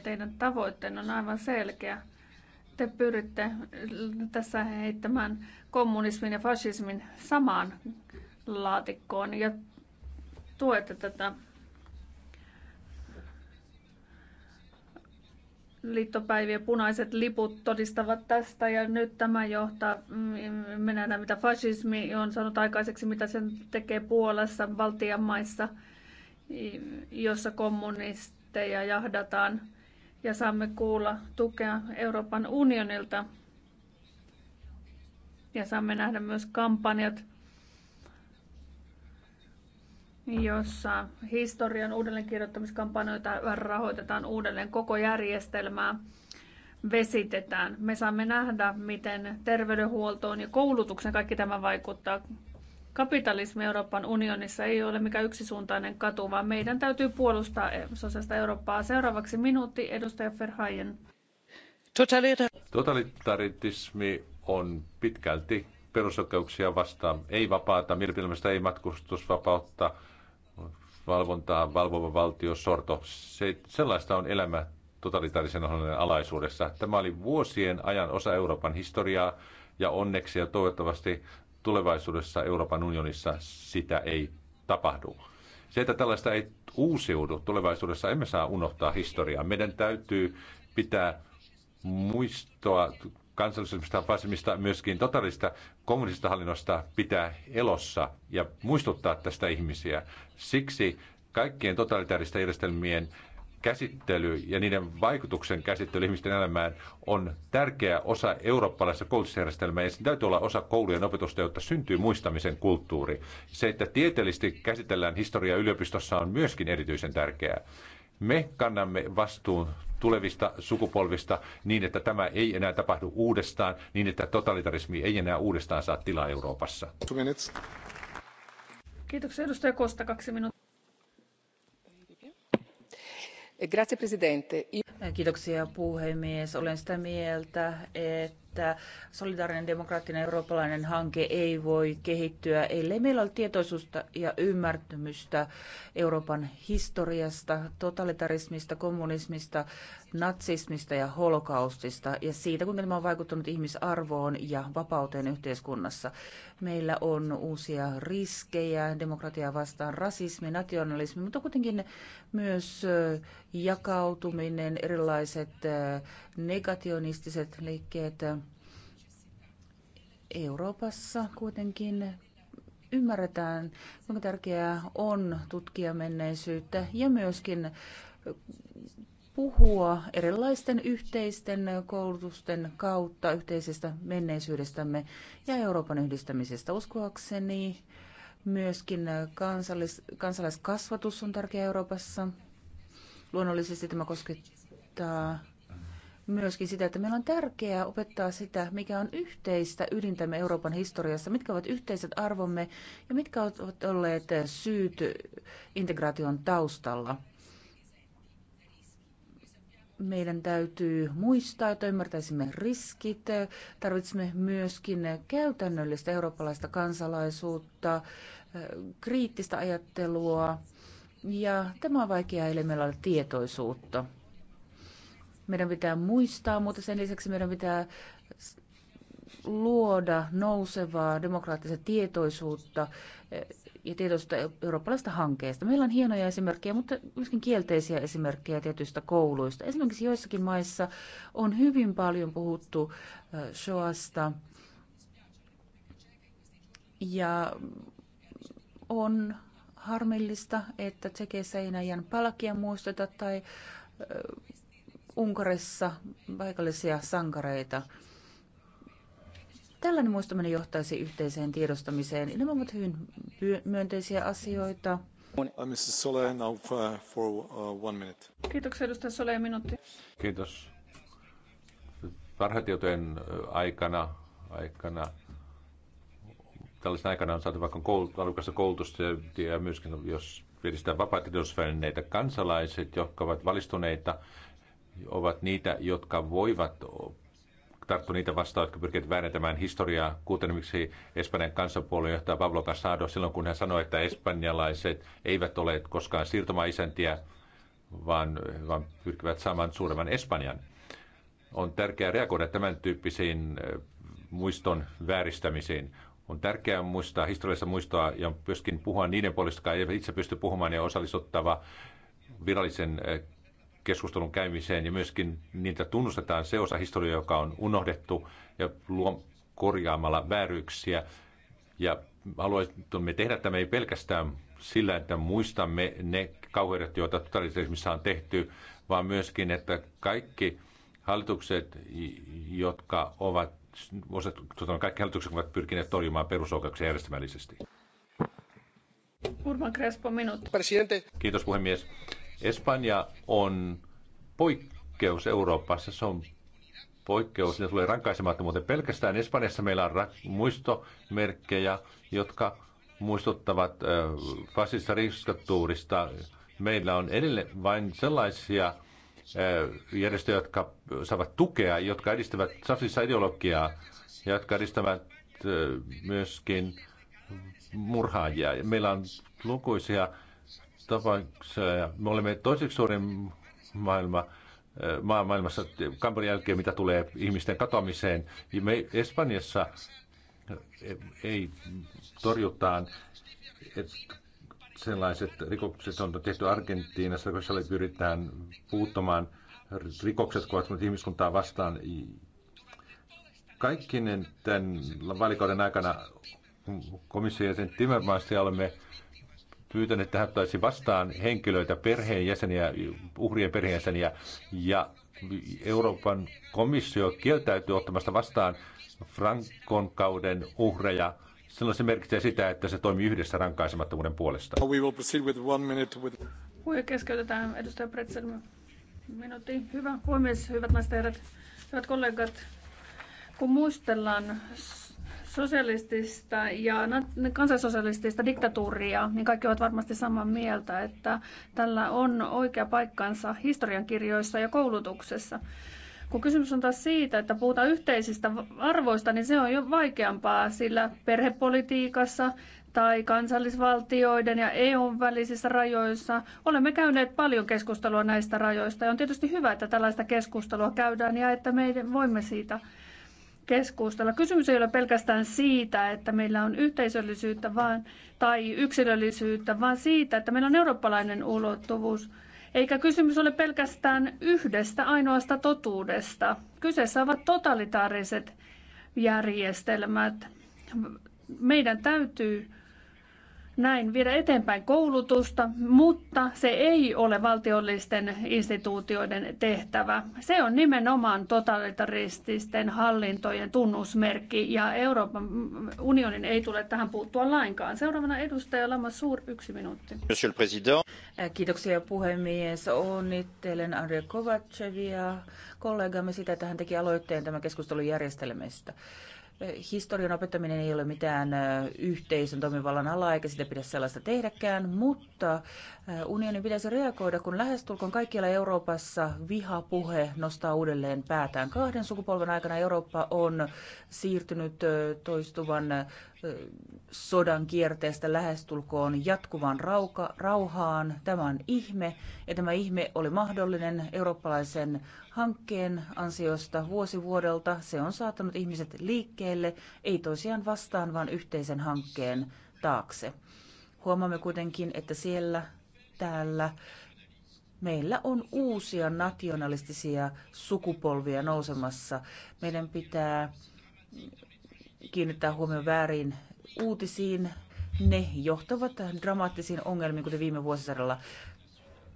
ja teidän tavoitteen on aivan selkeä. Te pyritte tässä heittämään kommunismin ja fasismin samaan laatikkoon ja tuette tätä liittopäivien punaiset liput todistavat tästä ja nyt tämä johtaa, me mm, nähdään mitä fasismi on saanut aikaiseksi, mitä sen tekee Puolassa, Baltian maissa, jossa kommunisteja jahdataan ja saamme kuulla tukea Euroopan unionilta ja saamme nähdä myös kampanjat, jossa historian uudelleenkirjoittamiskampanjoita rahoitetaan uudelleen, koko järjestelmää vesitetään. Me saamme nähdä, miten terveydenhuoltoon ja koulutuksen kaikki tämä vaikuttaa Kapitalismi Euroopan unionissa ei ole mikään yksisuuntainen katu, vaan meidän täytyy puolustaa sosiaalista Eurooppaa. Seuraavaksi minuutti, edustaja Verhaajen. Totalitarismi on pitkälti perusoikeuksia vastaan. Ei vapaata mielipiteestä, ei matkustusvapautta, valvontaa, valvova valtio, sorto. Se, sellaista on elämä totalitaarisen hallinnon alaisuudessa. Tämä oli vuosien ajan osa Euroopan historiaa ja onneksi ja toivottavasti tulevaisuudessa Euroopan unionissa sitä ei tapahdu. Se, että tällaista ei uusiudu tulevaisuudessa, emme saa unohtaa historiaa. Meidän täytyy pitää muistoa kansallisesta vasemmista, myöskin totalista kommunistista hallinnosta pitää elossa ja muistuttaa tästä ihmisiä. Siksi kaikkien totalitaaristen järjestelmien käsittely ja niiden vaikutuksen käsittely ihmisten elämään on tärkeä osa eurooppalaista koulutusjärjestelmää ja sen täytyy olla osa koulujen opetusta, jotta syntyy muistamisen kulttuuri. Se, että tieteellisesti käsitellään historiaa yliopistossa on myöskin erityisen tärkeää. Me kannamme vastuun tulevista sukupolvista niin, että tämä ei enää tapahdu uudestaan, niin että totalitarismi ei enää uudestaan saa tilaa Euroopassa. Kiitoksia edustaja Kosta, kaksi minuuttia. Kiitoksia puhemies. Olen sitä mieltä, että että solidaarinen demokraattinen eurooppalainen hanke ei voi kehittyä, ellei meillä ole tietoisuutta ja ymmärtämystä Euroopan historiasta, totalitarismista, kommunismista, natsismista ja holokaustista ja siitä, kuinka tämä on vaikuttanut ihmisarvoon ja vapauteen yhteiskunnassa. Meillä on uusia riskejä demokratiaa vastaan, rasismi, nationalismi, mutta kuitenkin myös äh, jakautuminen, erilaiset äh, negationistiset liikkeet, Euroopassa kuitenkin ymmärretään, kuinka tärkeää on tutkia menneisyyttä ja myöskin puhua erilaisten yhteisten koulutusten kautta yhteisestä menneisyydestämme ja Euroopan yhdistämisestä. Uskoakseni myöskin kansallis, kansalaiskasvatus on tärkeä Euroopassa. Luonnollisesti tämä koskettaa myöskin sitä, että meillä on tärkeää opettaa sitä, mikä on yhteistä ydintämme Euroopan historiassa, mitkä ovat yhteiset arvomme ja mitkä ovat olleet syyt integraation taustalla. Meidän täytyy muistaa, että ymmärtäisimme riskit. Tarvitsemme myöskin käytännöllistä eurooppalaista kansalaisuutta, kriittistä ajattelua. Ja tämä on vaikeaa, eli meillä on tietoisuutta meidän pitää muistaa, mutta sen lisäksi meidän pitää luoda nousevaa demokraattista tietoisuutta eh, ja tietoisuutta eurooppalaisesta hankkeesta. Meillä on hienoja esimerkkejä, mutta myöskin kielteisiä esimerkkejä tietyistä kouluista. Esimerkiksi joissakin maissa on hyvin paljon puhuttu eh, Shoasta ja on harmillista, että Tsekeissä ei näin palkia muisteta tai eh, Unkarissa paikallisia sankareita. Tällainen muistaminen johtaisi yhteiseen tiedostamiseen. Nämä ovat hyvin myönteisiä asioita. Uh, Mrs. Soleil, now uh, for uh, one minute. Kiitoksia edustaja Soleil, minuutti. Kiitos. Parhaitietojen aikana, aikana tällaisen aikana on saatu vaikka koulut, alukasta koulutusta ja, ja myöskin, jos edistetään vapaa kansalaiset, jotka ovat valistuneita ovat niitä, jotka voivat tarttua niitä vastaan, jotka pyrkivät väärentämään historiaa, kuten miksi Espanjan kansanpuolueen johtaja Pablo Casado silloin, kun hän sanoi, että espanjalaiset eivät ole koskaan siirtomaisäntiä, vaan, vaan pyrkivät saamaan suuremman Espanjan. On tärkeää reagoida tämän tyyppisiin muiston vääristämisiin. On tärkeää muistaa, historiallista muistoa ja myöskin puhua niiden puolesta, jotka eivät itse pysty puhumaan ja osallistuttava virallisen keskustelun käymiseen ja myöskin niitä tunnustetaan se osa historiaa, joka on unohdettu ja luo korjaamalla vääryyksiä. Ja haluaisimme tehdä tämä ei pelkästään sillä, että muistamme ne kauheudet, joita totalitarismissa on tehty, vaan myöskin, että kaikki hallitukset, jotka ovat tuota, kaikki hallitukset ovat pyrkineet torjumaan perusoikeuksia järjestelmällisesti. Urban Crespo, minuutti. Kiitos puhemies. Espanja on poikkeus Euroopassa. Se on poikkeus, ne tulee rankaisematta, mutta pelkästään Espanjassa meillä on muistomerkkejä, jotka muistuttavat fasista riskattuurista. Meillä on edelleen vain sellaisia järjestöjä, jotka saavat tukea, jotka edistävät safissa ideologiaa ja jotka edistävät myöskin murhaajia. Meillä on lukuisia tapauksessa. Me olemme toiseksi suurin maailma, eh, maa, maailmassa Kambodjan jälkeen, mitä tulee ihmisten katoamiseen. Me Espanjassa eh, ei torjutaan, että sellaiset rikokset on tehty Argentiinassa, siellä pyritään puuttumaan rikokset kohdistuneet ihmiskuntaa vastaan. Kaikkinen tämän valikauden aikana komission jäsen Timmermans ja olemme pyytäneet, että hän ottaisi vastaan henkilöitä, perheenjäseniä, uhrien perheenjäseniä, ja Euroopan komissio kieltäytyy ottamasta vastaan Frankon kauden uhreja. Silloin se merkitsee sitä, että se toimii yhdessä rankaisemattomuuden puolesta. Puhuja keskeytetään. Edustaja Pretzel, minuutti. Hyvä. Puhemies, hyvät naiset ja herrat, hyvät kollegat. Kun muistellaan sosialistista ja kansansosialistista diktatuuria, niin kaikki ovat varmasti samaa mieltä, että tällä on oikea paikkansa historiankirjoissa ja koulutuksessa. Kun kysymys on taas siitä, että puhutaan yhteisistä arvoista, niin se on jo vaikeampaa, sillä perhepolitiikassa tai kansallisvaltioiden ja EUn välisissä rajoissa olemme käyneet paljon keskustelua näistä rajoista. Ja on tietysti hyvä, että tällaista keskustelua käydään ja että me voimme siitä keskustella. Kysymys ei ole pelkästään siitä, että meillä on yhteisöllisyyttä vaan, tai yksilöllisyyttä, vaan siitä, että meillä on eurooppalainen ulottuvuus. Eikä kysymys ole pelkästään yhdestä ainoasta totuudesta. Kyseessä ovat totalitaariset järjestelmät. Meidän täytyy näin viedä eteenpäin koulutusta, mutta se ei ole valtiollisten instituutioiden tehtävä. Se on nimenomaan totalitarististen hallintojen tunnusmerkki ja Euroopan unionin ei tule tähän puuttua lainkaan. Seuraavana edustaja Lama Suur, yksi minuutti. Monsieur le Président. Äh, kiitoksia puhemies. Onnittelen Andrei Kovacevia kollegamme sitä, että hän teki aloitteen tämän keskustelun järjestelmistä historian opettaminen ei ole mitään yhteisön toimivallan ala, eikä sitä pidä sellaista tehdäkään, mutta unionin pitäisi reagoida, kun lähestulkoon kaikkialla Euroopassa vihapuhe nostaa uudelleen päätään. Kahden sukupolven aikana Eurooppa on siirtynyt toistuvan sodan kierteestä lähestulkoon jatkuvaan rauka, rauhaan. Tämä on ihme, ja tämä ihme oli mahdollinen eurooppalaisen hankkeen ansiosta vuosi vuodelta. Se on saattanut ihmiset liikkeelle, ei toisiaan vastaan, vaan yhteisen hankkeen taakse. Huomaamme kuitenkin, että siellä, täällä, meillä on uusia nationalistisia sukupolvia nousemassa. Meidän pitää kiinnittää huomioon väärin uutisiin, ne johtavat dramaattisiin ongelmiin, kuten viime vuosisadalla.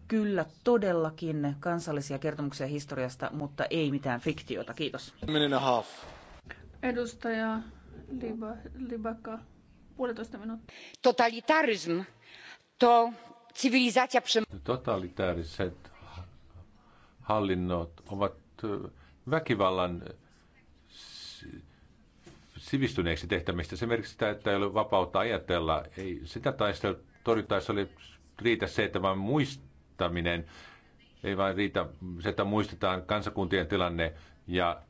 Kyllä todellakin kansallisia kertomuksia historiasta, mutta ei mitään fiktiota. Kiitos. Edustaja Liba, Libaka, puolitoista minuuttia. Totalitarism to sivilizaatio... Totalitaariset hallinnot ovat väkivallan sivistyneeksi tehtämistä. Se merkitsi sitä, että ei ole vapautta ajatella. Ei sitä taistelua torjuttaessa oli riitä se, että vain muistaminen, ei vain riitä se, että muistetaan kansakuntien tilanne ja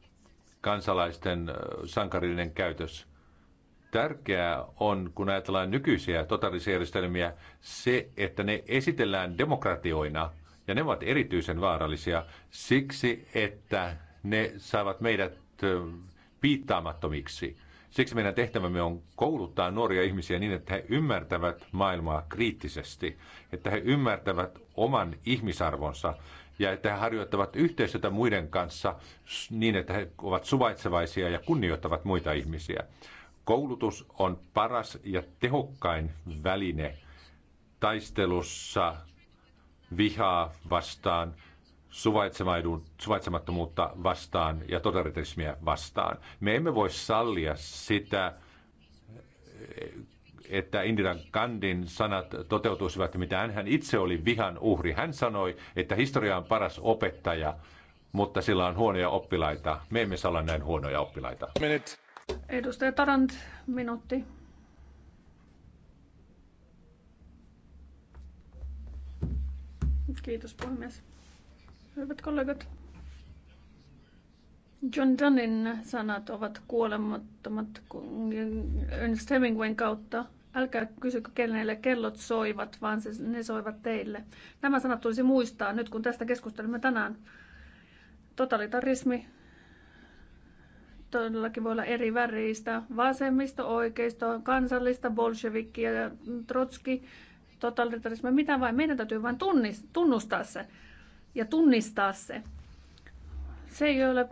kansalaisten sankarillinen käytös. Tärkeää on, kun ajatellaan nykyisiä totalisjärjestelmiä, se, että ne esitellään demokratioina, ja ne ovat erityisen vaarallisia siksi, että ne saavat meidät piittaamattomiksi. Siksi meidän tehtävämme on kouluttaa nuoria ihmisiä niin, että he ymmärtävät maailmaa kriittisesti, että he ymmärtävät oman ihmisarvonsa ja että he harjoittavat yhteistyötä muiden kanssa niin, että he ovat suvaitsevaisia ja kunnioittavat muita ihmisiä. Koulutus on paras ja tehokkain väline taistelussa vihaa vastaan – suvaitsemattomuutta vastaan ja totalitarismia vastaan. Me emme voi sallia sitä, että Indira kandin sanat toteutuisivat, mitä hän itse oli vihan uhri. Hän sanoi, että historia on paras opettaja, mutta sillä on huonoja oppilaita. Me emme saa olla näin huonoja oppilaita. Minut. Edustaja Tarant, minuutti. Kiitos puhemies. Hyvät kollegat, John Dunnin sanat ovat kuolemattomat Ernest Hemingwayn kautta. Älkää kysykö kenelle kellot soivat, vaan se, ne soivat teille. Nämä sanat tulisi muistaa nyt, kun tästä keskustelemme tänään. Totalitarismi todellakin voi olla eri väriistä. Vasemmisto, oikeisto, kansallista, bolshevikki ja trotski, totalitarismi, mitä vain. Meidän täytyy vain tunnustaa se ja tunnistaa se. Se ei ole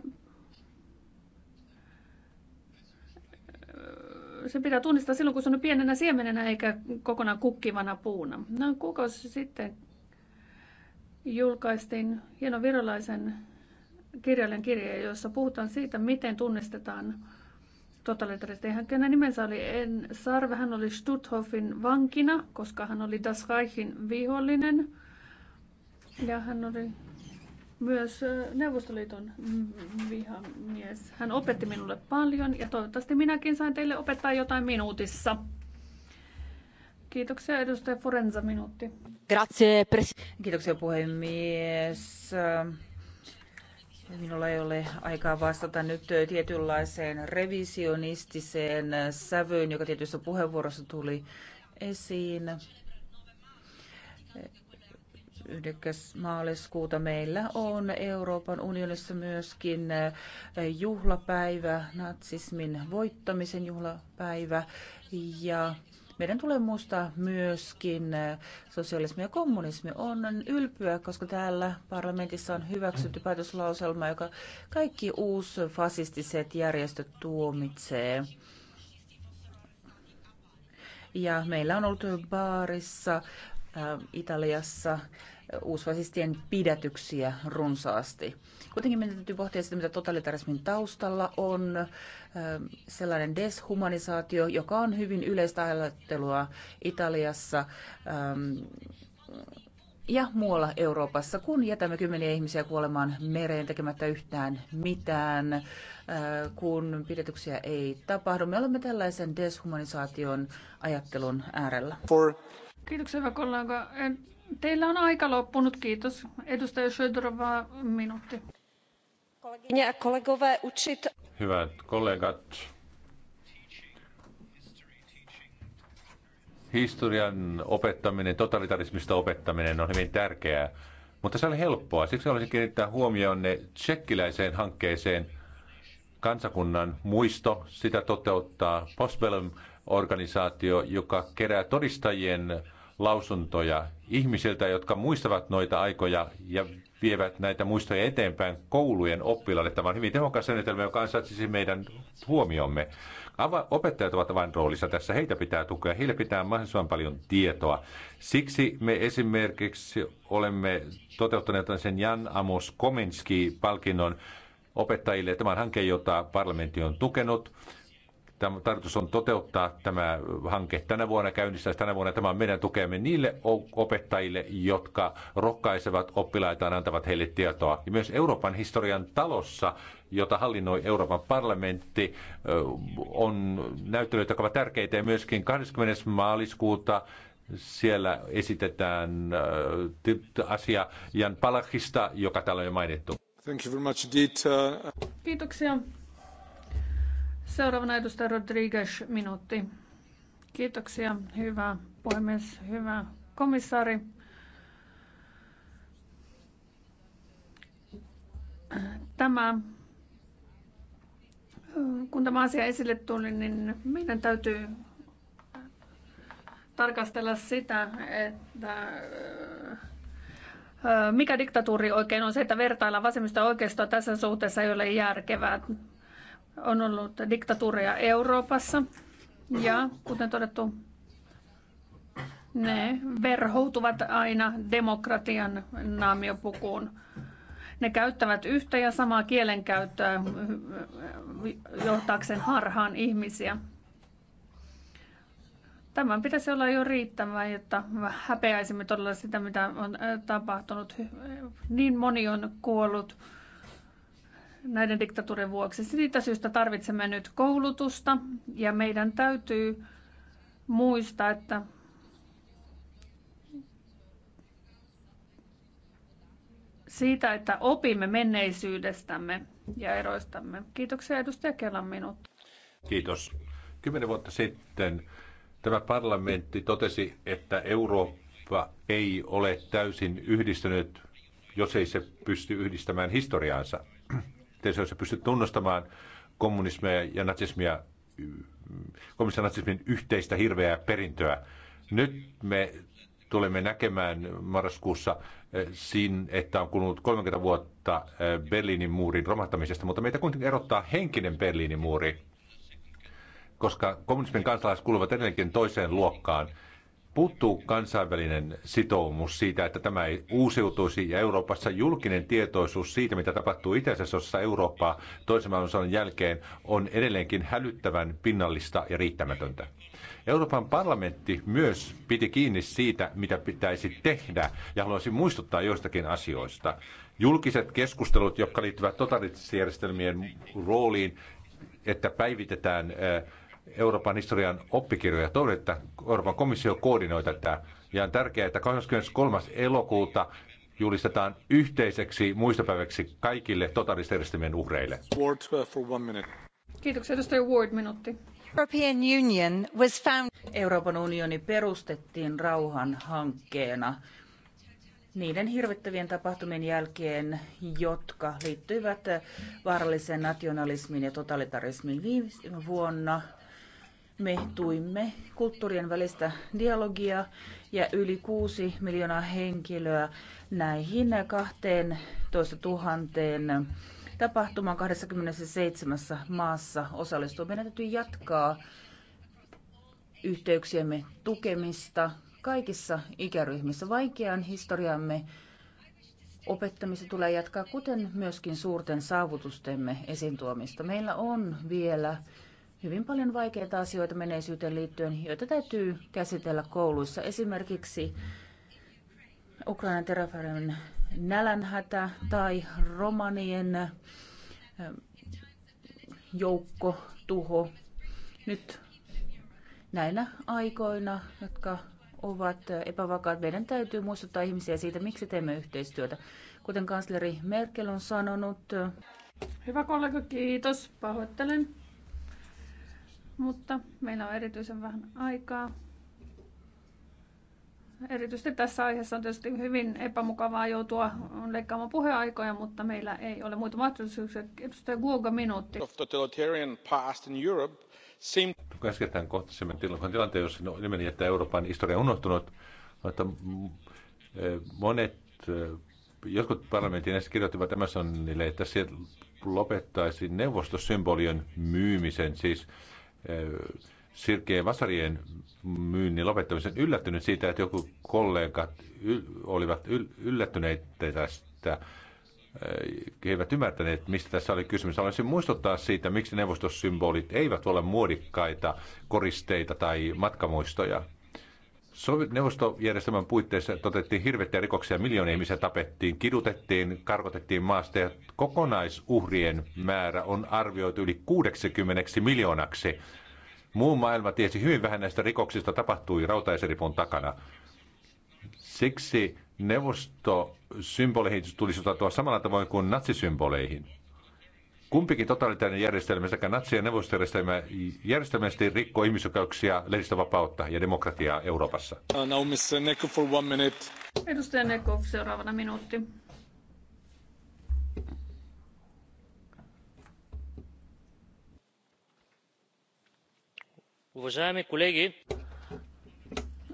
se pitää tunnistaa silloin, kun se on pienenä siemenenä eikä kokonaan kukkivana puuna. Noin kuukausi sitten julkaistiin hieno virolaisen kirjallinen kirje, jossa puhutaan siitä, miten tunnistetaan totalitaristi. Hän, hänen nimensä oli En Sarve, hän oli Stutthofin vankina, koska hän oli Das Reichin vihollinen – ja hän oli myös Neuvostoliiton vihamies. Hän opetti minulle paljon ja toivottavasti minäkin sain teille opettaa jotain minuutissa. Kiitoksia edustaja Forenza minuutti. Grazie, Kiitoksia puhemies. Minulla ei ole aikaa vastata nyt tietynlaiseen revisionistiseen sävyyn, joka tietyissä puheenvuorossa tuli esiin. 9. maaliskuuta meillä on Euroopan unionissa myöskin eh, juhlapäivä, natsismin voittamisen juhlapäivä ja meidän tulee muistaa myöskin eh, sosialismi ja kommunismi. On ylpyä, koska täällä parlamentissa on hyväksytty päätöslauselma, joka kaikki uusfasistiset järjestöt tuomitsee. Ja meillä on ollut baarissa eh, Italiassa uusfasistien pidätyksiä runsaasti. Kuitenkin meidän täytyy pohtia sitä, mitä totalitarismin taustalla on sellainen deshumanisaatio, joka on hyvin yleistä ajattelua Italiassa ähm, ja muualla Euroopassa, kun jätämme kymmeniä ihmisiä kuolemaan mereen tekemättä yhtään mitään, äh, kun pidetyksiä ei tapahdu. Me olemme tällaisen deshumanisaation ajattelun äärellä. For... Kiitoksia hyvä kollega. En Teillä on aika loppunut. Kiitos. Edustaja Södrova, minuutti. Hyvät kollegat, historian opettaminen, totalitarismista opettaminen on hyvin tärkeää, mutta se oli helppoa. Siksi haluaisin kiinnittää ne tsekkiläiseen hankkeeseen Kansakunnan muisto. Sitä toteuttaa Postbellum-organisaatio, joka kerää todistajien lausuntoja ihmisiltä, jotka muistavat noita aikoja ja vievät näitä muistoja eteenpäin koulujen oppilaille. Tämä on hyvin tehokas menetelmä, joka ansaitsisi meidän huomiomme. Ava- opettajat ovat vain roolissa tässä. Heitä pitää tukea. Heille pitää mahdollisimman paljon tietoa. Siksi me esimerkiksi olemme toteuttaneet sen Jan Amos Komenski-palkinnon opettajille. Tämä on hanke, jota parlamentti on tukenut. Tämä tarkoitus on toteuttaa tämä hanke tänä vuonna, käynnistää tänä vuonna. Tämä on meidän tukemme niille opettajille, jotka rohkaisevat oppilaitaan, antavat heille tietoa. Ja myös Euroopan historian talossa, jota hallinnoi Euroopan parlamentti, on näyttelyitä, jotka ovat tärkeitä. Ja myöskin 20. maaliskuuta siellä esitetään asia Jan Palachista, joka täällä on jo mainittu. Thank you very much, uh, Kiitoksia. Seuraavana edustaja Rodriguez, minuutti. Kiitoksia, hyvä puhemies, hyvä komissaari. Tämä, kun tämä asia esille tuli, niin meidän täytyy tarkastella sitä, että mikä diktatuuri oikein on se, että vertailla vasemmista oikeistoa tässä suhteessa ei ole järkevää on ollut diktatuureja Euroopassa ja kuten todettu, ne verhoutuvat aina demokratian naamiopukuun. Ne käyttävät yhtä ja samaa kielenkäyttöä eh, johtaakseen harhaan ihmisiä. Tämän pitäisi olla jo riittävää, jotta häpeäisimme todella sitä, mitä on eh, tapahtunut. Niin moni on kuollut näiden diktatuurien vuoksi. Siitä syystä tarvitsemme nyt koulutusta ja meidän täytyy muistaa, että siitä, että opimme menneisyydestämme ja eroistamme. Kiitoksia edustaja Kelan minut. Kiitos. Kymmenen vuotta sitten tämä parlamentti totesi, että Eurooppa ei ole täysin yhdistynyt, jos ei se pysty yhdistämään historiaansa yhteisö, jossa pystyt tunnustamaan kommunismia ja natsismia, kommunismin natsismin yhteistä hirveää perintöä. Nyt me tulemme näkemään marraskuussa eh, siinä, että on kulunut 30 vuotta eh, Berliinin muurin romahtamisesta, mutta meitä kuitenkin erottaa henkinen Berliinin muuri, koska kommunismin kansalaiset kuuluvat edelleenkin toiseen luokkaan – puuttuu kansainvälinen sitoumus siitä, että tämä ei uusiutuisi ja Euroopassa julkinen tietoisuus siitä, mitä tapahtuu itäisessä osassa Eurooppaa toisen maailmansodan jälkeen, on edelleenkin hälyttävän pinnallista ja riittämätöntä. Euroopan parlamentti myös piti kiinni siitä, mitä pitäisi tehdä, ja haluaisi muistuttaa joistakin asioista. Julkiset keskustelut, jotka liittyvät totalitaarisjärjestelmien rooliin, että päivitetään äh, Euroopan historian oppikirjoja. todeta, että Euroopan komissio koordinoi tätä. Ja on tärkeää, että 23. elokuuta julistetaan yhteiseksi muistopäiväksi kaikille totalitaristimien uhreille. Ward uh, for one minute. Kiitoksia, edustaja Ward, minuutti. European Union was found... Euroopan unioni perustettiin rauhan hankkeena niiden hirvittävien tapahtumien jälkeen, jotka liittyivät vaaralliseen nationalismiin ja totalitarismiin viime vuonna me tuimme kulttuurien välistä dialogia ja yli kuusi miljoonaa henkilöä näihin 12 tuhanteen tapahtumaan 27 maassa osallistui. Meidän täytyy jatkaa yhteyksiemme tukemista kaikissa ikäryhmissä. Vaikean historiamme opettamista tulee jatkaa, kuten myöskin suurten saavutustemme esiin tuomista. Meillä on vielä hyvin paljon vaikeita asioita menneisyyteen liittyen, joita täytyy käsitellä kouluissa. Esimerkiksi Ukrainan terrafarin nälänhätä tai romanien eh, joukko tuho. Nyt näinä aikoina, jotka ovat eh, epävakaat, meidän täytyy muistuttaa ihmisiä siitä, miksi teemme yhteistyötä. Kuten kansleri Merkel on sanonut. Eh, Hyvä kollega, kiitos. Pahoittelen mutta meillä on erityisen vähän aikaa. Erityisesti tässä aiheessa on tietysti hyvin epämukavaa joutua leikkaamaan puheaikoja, mutta meillä ei ole muita mahdollisuuksia. Edustaja Guoga, minuutti. Käsketään kohtasimme tilanteen, jossa nimeni että Euroopan historia on unohtunut, mutta eh, monet, eh, jotkut parlamentin ensin kirjoittivat Amazonille, että se lopettaisi neuvostosymbolien myymisen, siis Sirkeä Vasarien myynnin lopettamisen yllättynyt siitä, että joku kollegat olivat yllättyneitä tästä. He eivät ymmärtäneet, mistä tässä oli kysymys. Haluaisin muistuttaa siitä, miksi neuvostosymbolit eivät ole muodikkaita koristeita tai matkamuistoja. Neuvostojärjestelmän puitteissa toteutettiin hirvettäjä rikoksia, miljoonia ihmisiä tapettiin, kidutettiin, karkotettiin maasta ja kokonaisuhrien määrä on arvioitu yli 60 miljoonaksi. Muu maailma tiesi hyvin vähän näistä rikoksista tapahtui rautaiseripun takana. Siksi neuvosto tulisi ottaa samalla tavoin kuin natsisymboleihin. Kumpikin totalitaarinen järjestelmä, sekä natsi- ja neuvostojärjestelmä, järjestelmästi rikkoi ihmisoikeuksia, lehdistövapautta ja demokratiaa Euroopassa. Uh, now, Mr. Neko, for one minute. Edustaja Nekov, seuraavana minuutti.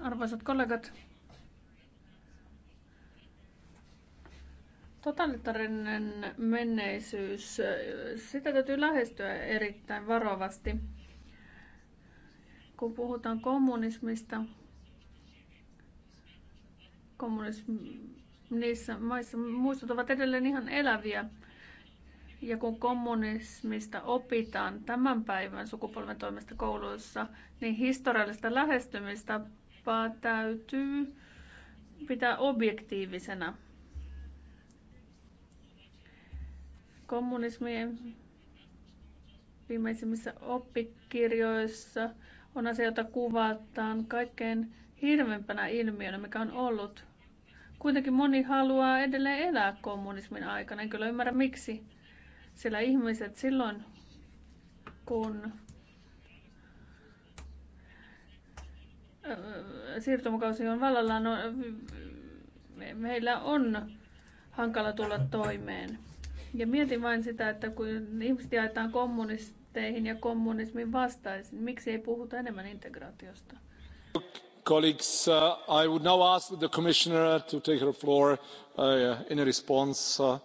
Arvoisat kollegat, Totalitarinen menneisyys, sitä täytyy lähestyä erittäin varovasti. Kun puhutaan kommunismista, kommunismi, niissä maissa muistot ovat edelleen ihan eläviä. Ja kun kommunismista opitaan tämän päivän sukupolven toimesta kouluissa, niin historiallista lähestymistä täytyy pitää objektiivisena. Kommunismien viimeisimmissä oppikirjoissa on asia, jota kuvataan kaikkein hirvempänä ilmiönä, mikä on ollut. Kuitenkin moni haluaa edelleen elää kommunismin aikana. En kyllä ymmärrä miksi. Sillä ihmiset silloin, kun äh, siirtomukausi on vallalla, no, meillä on hankala tulla toimeen. Ja mietin vain sitä, että kun ihmiset jaetaan kommunisteihin ja kommunismin vastaisiin, niin miksi ei puhuta enemmän integraatiosta? Colleagues, uh, I would now ask the commissioner to take her floor uh, in a response. Uh...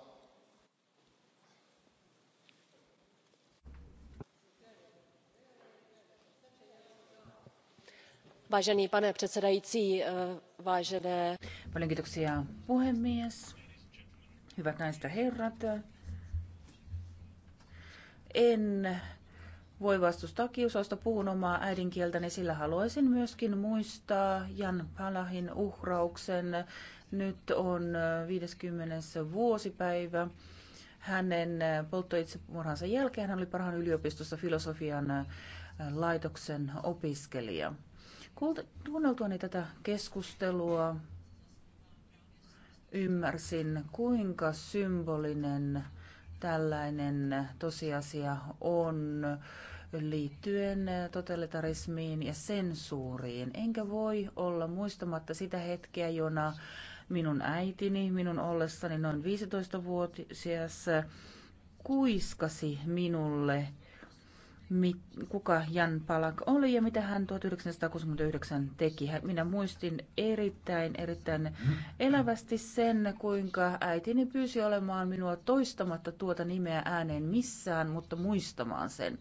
Vážený pane předsedající, uh, vážené... Paljon kiitoksia puhemies. Hyvät naiset ja herrat, en voi vastustaa kiusausta puhun omaa äidinkieltäni, sillä haluaisin myöskin muistaa Jan Palahin uhrauksen. Nyt on 50. vuosipäivä. Hänen polttoitsemurhansa jälkeen hän oli parhaan yliopistossa filosofian laitoksen opiskelija. Kuunneltuani tätä keskustelua ymmärsin, kuinka symbolinen tällainen tosiasia on liittyen totalitarismiin ja sensuuriin. Enkä voi olla muistamatta sitä hetkeä, jona minun äitini, minun ollessani noin 15-vuotias, kuiskasi minulle – kuka Jan Palak oli ja mitä hän 1969 teki. Minä muistin erittäin, erittäin elävästi sen, kuinka äitini pyysi olemaan minua toistamatta tuota nimeä ääneen missään, mutta muistamaan sen.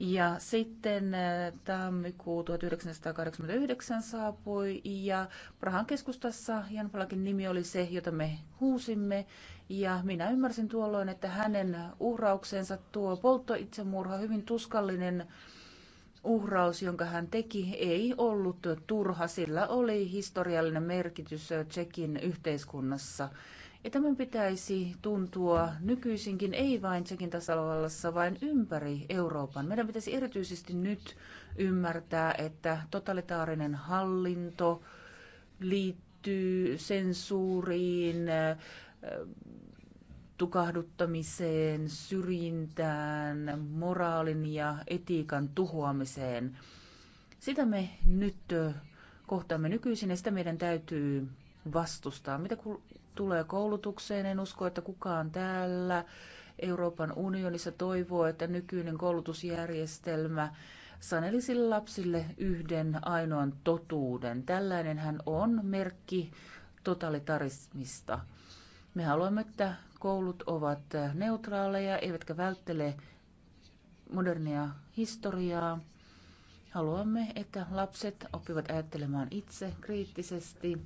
Ja sitten äh, tammikuu 1989 saapui ja Prahan keskustassa Jan Palakin nimi oli se, jota me huusimme. Ja minä ymmärsin tuolloin, että hänen uhrauksensa tuo polttoitsemurha, hyvin tuskallinen uhraus, jonka hän teki, ei ollut turha. Sillä oli historiallinen merkitys Tsekin yhteiskunnassa. Ja tämän pitäisi tuntua nykyisinkin ei vain Tsekin tasavallassa, vaan ympäri Euroopan. Meidän pitäisi erityisesti nyt ymmärtää, että totalitaarinen hallinto liittyy sensuuriin, äh, tukahduttamiseen, syrjintään, moraalin ja etiikan tuhoamiseen. Sitä me nyt äh, kohtaamme nykyisin ja sitä meidän täytyy vastustaa. Mitä tulee koulutukseen, en usko, että kukaan täällä Euroopan unionissa toivoo, että nykyinen koulutusjärjestelmä sanelisi lapsille yhden ainoan totuuden. Tällainen hän on merkki totalitarismista. Me haluamme, että koulut ovat neutraaleja, eivätkä välttele modernia historiaa. Haluamme, että lapset oppivat ajattelemaan itse kriittisesti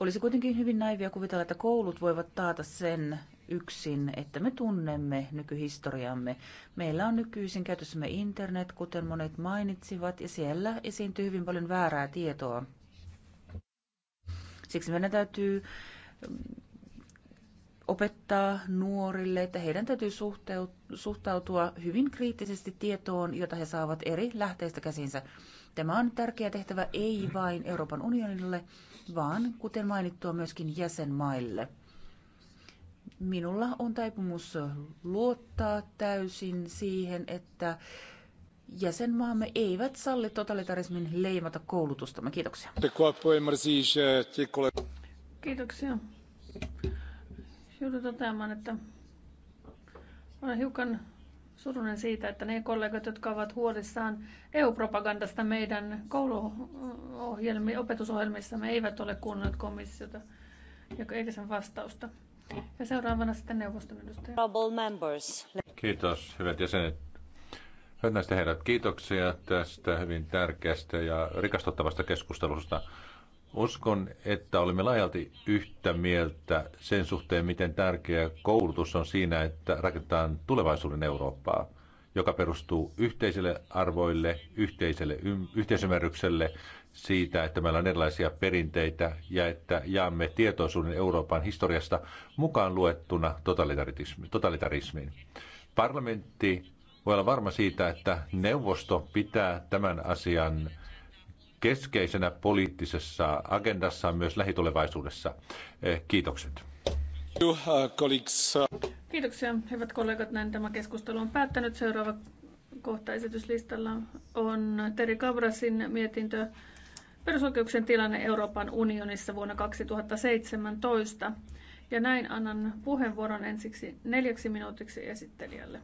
Olisi kuitenkin hyvin naivia kuvitella, että koulut voivat taata sen yksin, että me tunnemme nykyhistoriamme. Meillä on nykyisin käytössämme internet, kuten monet mainitsivat, ja siellä esiintyy hyvin paljon väärää tietoa. Siksi meidän täytyy mm, opettaa nuorille, että heidän täytyy suhtautua hyvin kriittisesti tietoon, jota he saavat eri lähteistä käsinsä. Tämä on tärkeä tehtävä ei vain Euroopan unionille, vaan kuten mainittua myöskin jäsenmaille. Minulla on taipumus luottaa täysin siihen, että jäsenmaamme eivät salli totalitarismin leimata koulutustamme. Kiitoksia. Kiitoksia. Joudun toteamaan, että olen hiukan surunen siitä, että ne kollegat, jotka ovat huolissaan EU-propagandasta meidän kouluohjelmi, opetusohjelmissamme, eivät ole kuunnelleet komissiota eikä sen vastausta. Ja seuraavana sitten neuvoston edustaja. Kiitos, hyvät jäsenet. Hyvät näistä herrat, kiitoksia tästä hyvin tärkeästä ja rikastuttavasta keskustelusta. Uskon, että olemme laajalti yhtä mieltä sen suhteen, miten tärkeä koulutus on siinä, että rakennetaan tulevaisuuden Eurooppaa, joka perustuu yhteisille arvoille, yhteiselle ym- yhteisymmärrykselle siitä, että meillä on erilaisia perinteitä ja että jaamme tietoisuuden Euroopan historiasta mukaan luettuna totalitarismiin. Parlamentti voi olla varma siitä, että neuvosto pitää tämän asian keskeisenä poliittisessa agendassa myös lähitulevaisuudessa. Eh, kiitokset. Kiitoksia, hyvät kollegat. Näin tämä keskustelu on päättänyt. Seuraava kohta esityslistalla on Teri Kavrasin mietintö Perusoikeuksien tilanne Euroopan unionissa vuonna 2017. Ja näin annan puheenvuoron ensiksi neljäksi minuutiksi esittelijälle.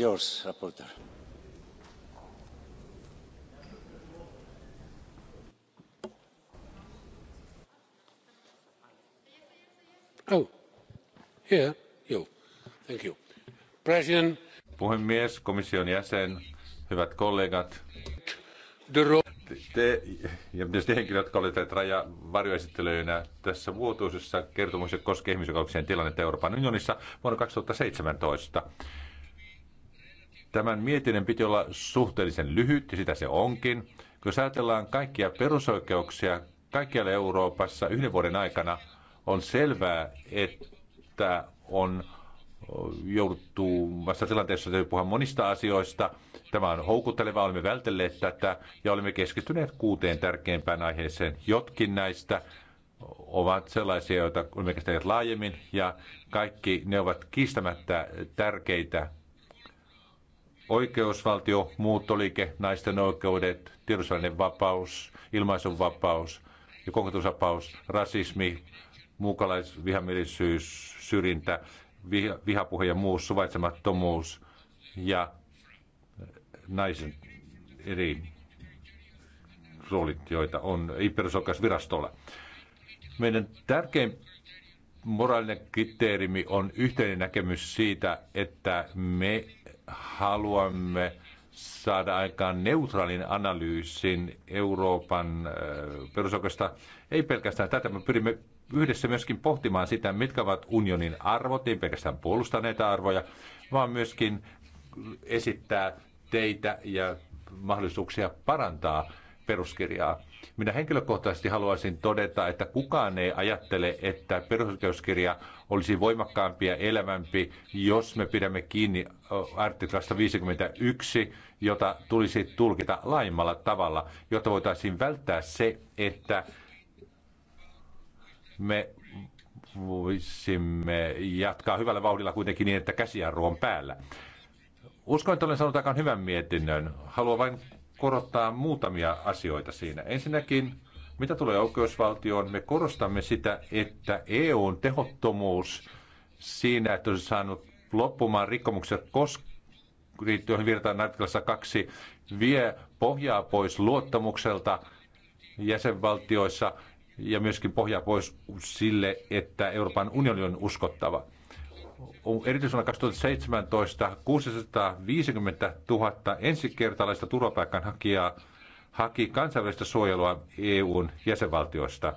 arvoisa oh, puhemies komission jäsen hyvät kollegat te ja myös te henkilöt, jotka olette rajavarjoesittelijöinä tässä vuotuisessa kertomuksessa koskee ihmisoikeuksien tilannetta Euroopan unionissa vuonna seitsemäntoista Tämän mietinnön piti olla suhteellisen lyhyt, ja sitä se onkin. Jos ajatellaan kaikkia perusoikeuksia kaikkialla Euroopassa yhden vuoden aikana, on selvää, että on jouduttu vasta tilanteessa täytyy puhua monista asioista. Tämä on houkuttelevaa, olemme vältelleet tätä ja olemme keskittyneet kuuteen tärkeimpään aiheeseen. Jotkin näistä ovat sellaisia, joita olemme käsitelleet laajemmin ja kaikki ne ovat kiistämättä tärkeitä oikeusvaltio, muuttoliike, naisten oikeudet, tiedotusvälineen vapaus, ilmaisunvapaus ja kokoontumisvapaus, rasismi, muukalaisvihamielisyys, syrjintä, viha, vihapuhe ja muu suvaitsemattomuus ja naisen eri roolit, joita on ei virastolla. Meidän tärkein moraalinen kriteerimi on yhteinen näkemys siitä, että me haluamme saada aikaan neutraalin analyysin Euroopan perusoikeudesta. Ei pelkästään tätä, me pyrimme yhdessä myöskin pohtimaan sitä, mitkä ovat unionin arvot, ei pelkästään puolustaneita arvoja, vaan myöskin esittää teitä ja mahdollisuuksia parantaa peruskirjaa. Minä henkilökohtaisesti haluaisin todeta, että kukaan ei ajattele, että perusoikeuskirja olisi voimakkaampi ja elävämpi, jos me pidämme kiinni artiklasta 51, jota tulisi tulkita laajemmalla tavalla, jotta voitaisiin välttää se, että me voisimme jatkaa hyvällä vauhdilla kuitenkin niin, että käsijarru on päällä. Uskon, että olen saanut aika hyvän mietinnön. Haluan vain korottaa muutamia asioita siinä. Ensinnäkin, mitä tulee oikeusvaltioon, me korostamme sitä, että EUn tehottomuus siinä, että olisi saanut loppumaan rikkomukset liittyen virtaan artiklassa kaksi, vie pohjaa pois luottamukselta jäsenvaltioissa ja myöskin pohjaa pois sille, että Euroopan unioni on uskottava erityisvuonna 2017 650 000 ensikertalaista turvapaikanhakijaa haki kansainvälistä suojelua EUn jäsenvaltioista.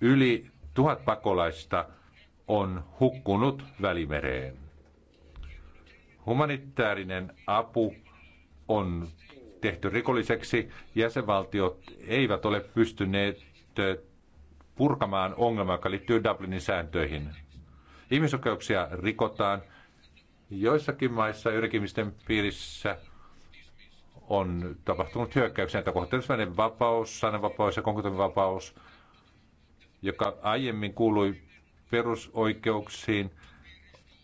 Yli tuhat pakolaista on hukkunut välimereen. Humanitaarinen apu on tehty rikolliseksi. Jäsenvaltiot eivät ole pystyneet purkamaan ongelmaa, joka liittyy Dublinin sääntöihin. Ihmisoikeuksia rikotaan. Joissakin maissa yrkimisten piirissä on tapahtunut hyökkäyksiä, että kohtelusvälinen vapaus, sananvapaus ja vapaus, joka aiemmin kuului perusoikeuksiin,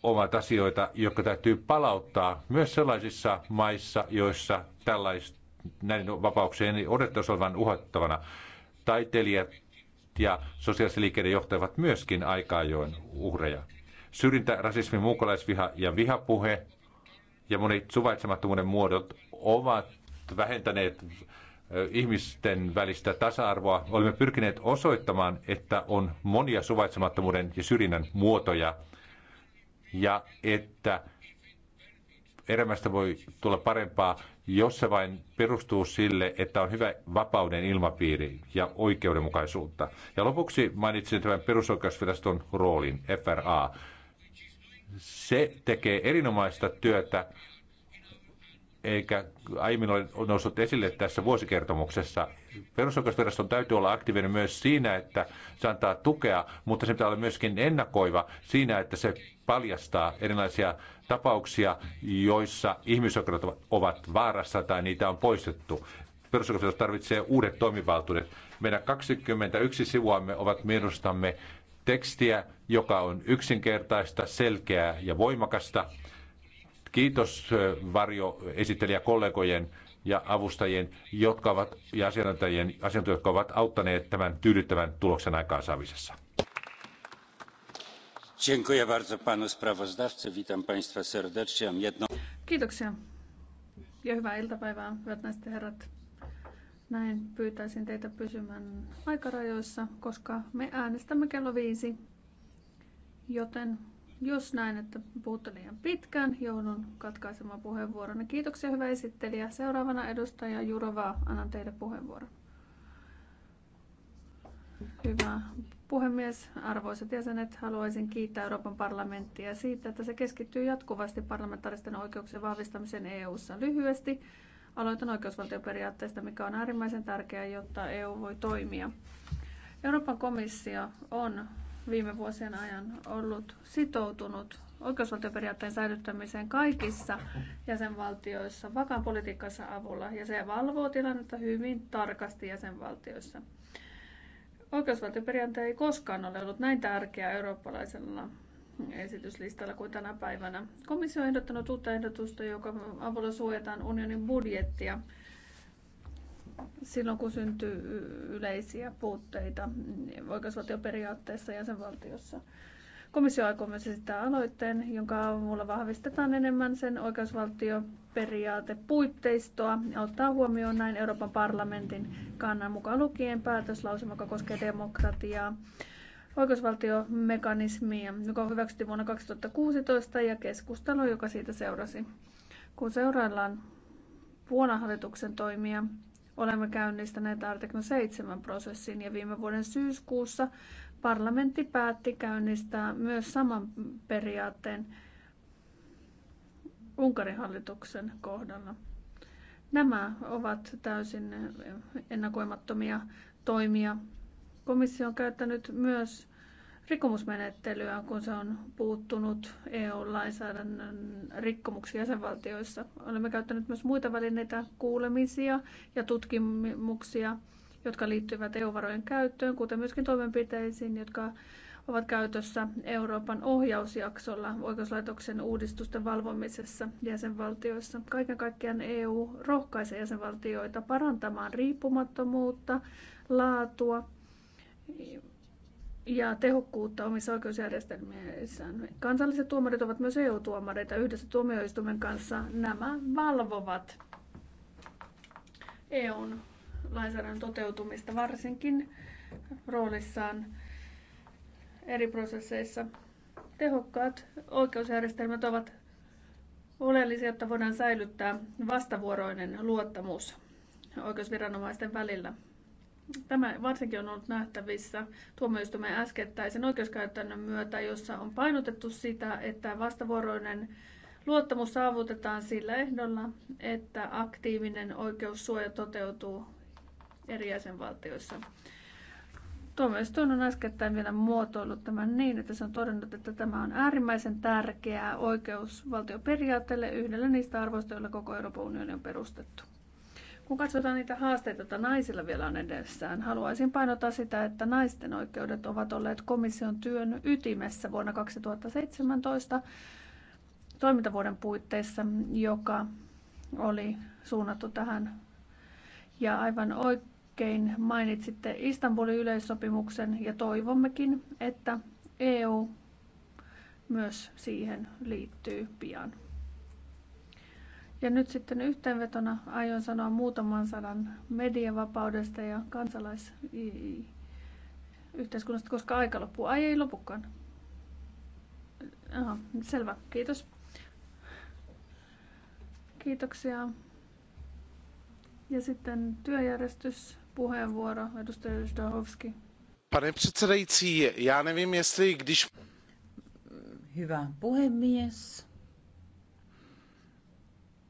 ovat asioita, jotka täytyy palauttaa myös sellaisissa maissa, joissa tällaista näiden vapauksien ei odottaisi olevan uhattavana. Taiteilijat ja sosiaalisten johtavat myöskin aika ajoin uhreja. Syrjintä, rasismi, muukalaisviha ja vihapuhe ja monet suvaitsemattomuuden muodot ovat vähentäneet ihmisten välistä tasa-arvoa. Olemme pyrkineet osoittamaan, että on monia suvaitsemattomuuden ja syrjinnän muotoja ja että elämästä voi tulla parempaa, jos se vain perustuu sille, että on hyvä vapauden ilmapiiri ja oikeudenmukaisuutta. Ja lopuksi mainitsin tämän perusoikeusviraston roolin, FRA. Se tekee erinomaista työtä, eikä aiemmin ole noussut esille tässä vuosikertomuksessa. Perusoikeusviraston täytyy olla aktiivinen myös siinä, että se antaa tukea, mutta se pitää olla myöskin ennakoiva siinä, että se paljastaa erilaisia tapauksia, joissa ihmisoikeudet ovat vaarassa tai niitä on poistettu. Perusoikeus tarvitsee uudet toimivaltuudet. Meidän 21 sivuamme ovat mielestämme tekstiä, joka on yksinkertaista, selkeää ja voimakasta. Kiitos varjo ja avustajien, jotka ovat, ja asiantuntijoiden, asiantuntijoiden, jotka ovat auttaneet tämän tyydyttävän tuloksen aikaansaamisessa. Kiitoksia ja hyvää iltapäivää, hyvät naiset ja herrat. Näin pyytäisin teitä pysymään aikarajoissa, koska me äänestämme kello viisi. Joten jos näin, että puhutte liian pitkään, joudun katkaisemaan puheenvuoron. Kiitoksia hyvä esittelijä. Seuraavana edustaja Jurova, annan teille puheenvuoron. Hyvää Puhemies, arvoisat jäsenet, haluaisin kiittää Euroopan parlamenttia siitä, että se keskittyy jatkuvasti parlamentaaristen oikeuksien vahvistamiseen EU:ssa lyhyesti. Aloitan oikeusvaltioperiaatteesta, mikä on äärimmäisen tärkeää, jotta EU voi toimia. Euroopan komissio on viime vuosien ajan ollut sitoutunut oikeusvaltioperiaatteen säilyttämiseen kaikissa jäsenvaltioissa vakaan politiikkansa avulla ja se valvoo tilannetta hyvin tarkasti jäsenvaltioissa. Oikeusvaltioperiaate ei koskaan ole ollut näin tärkeä eurooppalaisella esityslistalla kuin tänä päivänä. Komissio on ehdottanut uutta ehdotusta, joka avulla suojataan unionin budjettia silloin, kun syntyy yleisiä puutteita oikeusvaltioperiaatteessa jäsenvaltiossa. Komissio aikoo myös esittää aloitteen, jonka avulla vahvistetaan enemmän sen oikeusvaltioperiaatepuitteistoa ja ottaa huomioon näin Euroopan parlamentin kannan mukaan lukien päätöslausuma, joka koskee demokratiaa, oikeusvaltiomekanismia, joka hyväksyttiin vuonna 2016 ja keskustelu, joka siitä seurasi. Kun seuraillaan hallituksen toimia, olemme käynnistäneet artikla 7 prosessin ja viime vuoden syyskuussa Parlamentti päätti käynnistää myös saman periaatteen Unkarin hallituksen kohdalla. Nämä ovat täysin ennakoimattomia toimia. Komissio on käyttänyt myös rikkomusmenettelyä, kun se on puuttunut EU-lainsäädännön rikkomuksiin jäsenvaltioissa. Olemme käyttäneet myös muita välineitä, kuulemisia ja tutkimuksia jotka liittyvät EU-varojen käyttöön, kuten myöskin toimenpiteisiin, jotka ovat käytössä Euroopan ohjausjaksolla oikeuslaitoksen uudistusten valvomisessa jäsenvaltioissa. Kaiken kaikkiaan EU rohkaisee jäsenvaltioita parantamaan riippumattomuutta, laatua ja tehokkuutta omissa oikeusjärjestelmissään. Kansalliset tuomarit ovat myös EU-tuomareita yhdessä tuomioistuimen kanssa. Nämä valvovat EUn lainsäädännön toteutumista, varsinkin roolissaan eri prosesseissa. Tehokkaat oikeusjärjestelmät ovat oleellisia, jotta voidaan säilyttää vastavuoroinen luottamus oikeusviranomaisten välillä. Tämä varsinkin on ollut nähtävissä tuomioistuimen äskettäisen oikeuskäytännön myötä, jossa on painotettu sitä, että vastavuoroinen luottamus saavutetaan sillä ehdolla, että aktiivinen oikeussuoja toteutuu eri jäsenvaltioissa. Tuon on äskettäin vielä muotoillut tämän niin, että se on todennut, että tämä on äärimmäisen tärkeää oikeusvaltioperiaatteelle yhdellä niistä arvoista, joilla koko Euroopan unioni on perustettu. Kun katsotaan niitä haasteita, joita naisilla vielä on edessään, haluaisin painottaa sitä, että naisten oikeudet ovat olleet komission työn ytimessä vuonna 2017 toimintavuoden puitteissa, joka oli suunnattu tähän. Ja aivan oikein oikein mainitsitte Istanbulin yleissopimuksen ja toivommekin, että EU myös siihen liittyy pian. Ja nyt sitten yhteenvetona aion sanoa muutaman sanan medianvapaudesta ja kansalaisyhteiskunnasta, koska aika loppuu. Ai ei lopukaan. Aha, selvä, kiitos. Kiitoksia. Ja sitten työjärjestys. Pane předsedající, já nevím, jestli když... Hyvä puhemies.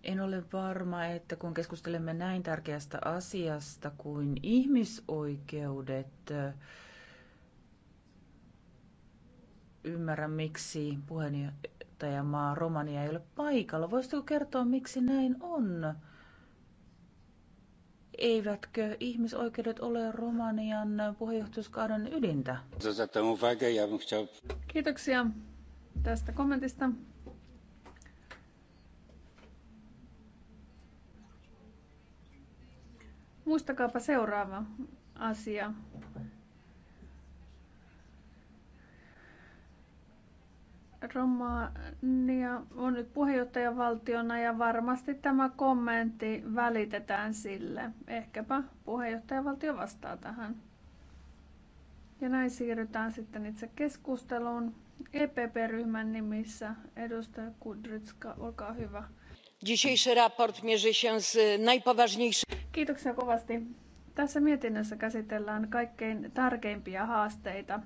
En ole varma, että kun keskustelemme näin tärkeästä asiasta kuin ihmisoikeudet, ymmärrän, miksi puheenjohtajamaa Romania ei ole paikalla. Voisitko kertoa, miksi näin on? Eivätkö ihmisoikeudet ole Romanian puheenjohtajuuskauden ydintä? Kiitoksia tästä kommentista. Muistakaapa seuraava asia. Romania on nyt puheenjohtajavaltiona ja varmasti tämä kommentti välitetään sille. Ehkäpä puheenjohtajavaltio vastaa tähän. Ja näin siirrytään sitten itse keskusteluun. EPP-ryhmän nimissä edustaja Kudrytska, olkaa hyvä. Dzisiejszy raport mierzy się z Kiitoksia kovasti. Tässä mietinnössä käsitellään kaikkein tärkeimpiä haasteita,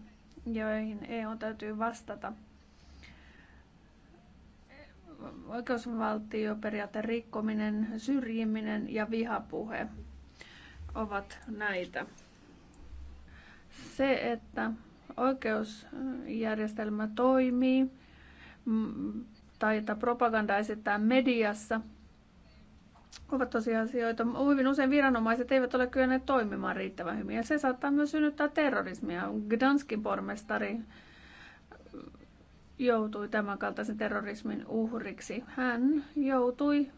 joihin EU täytyy vastata – oikeusvaltioperiaatteen rikkominen, syrjiminen ja vihapuhe ovat näitä. Se, että oikeusjärjestelmä toimii mm, tai että propaganda esittää mediassa, ovat tosiasioita. Hyvin usein viranomaiset eivät ole kyenneet toimimaan riittävän hyvin ja se saattaa myös synnyttää terrorismia. Gdanskin pormestari joutui tämänkaltaisen terrorismin uhriksi. Hän joutui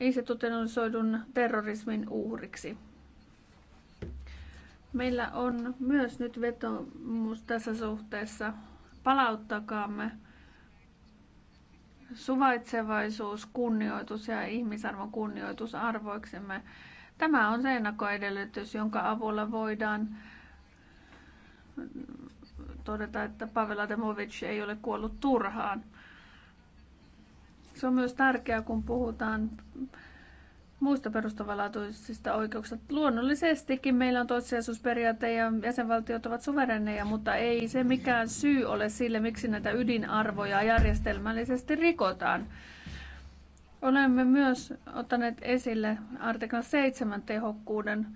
institutionalisoidun terrorismin uhriksi. Meillä on myös nyt vetomus tässä suhteessa. Palauttakaamme suvaitsevaisuus, kunnioitus ja ihmisarvon kunnioitus arvoiksemme. Tämä on se ennakkoedellytys, jonka avulla voidaan todeta, että Pavel Adamovic ei ole kuollut turhaan. Se on myös tärkeää, kun puhutaan muista perustavanlaatuisista oikeuksista. Luonnollisestikin meillä on toissijaisuusperiaate ja jäsenvaltiot ovat suverenneja, mutta ei se mikään syy ole sille, miksi näitä ydinarvoja järjestelmällisesti rikotaan. Olemme myös ottaneet esille artiklan 7 tehokkuuden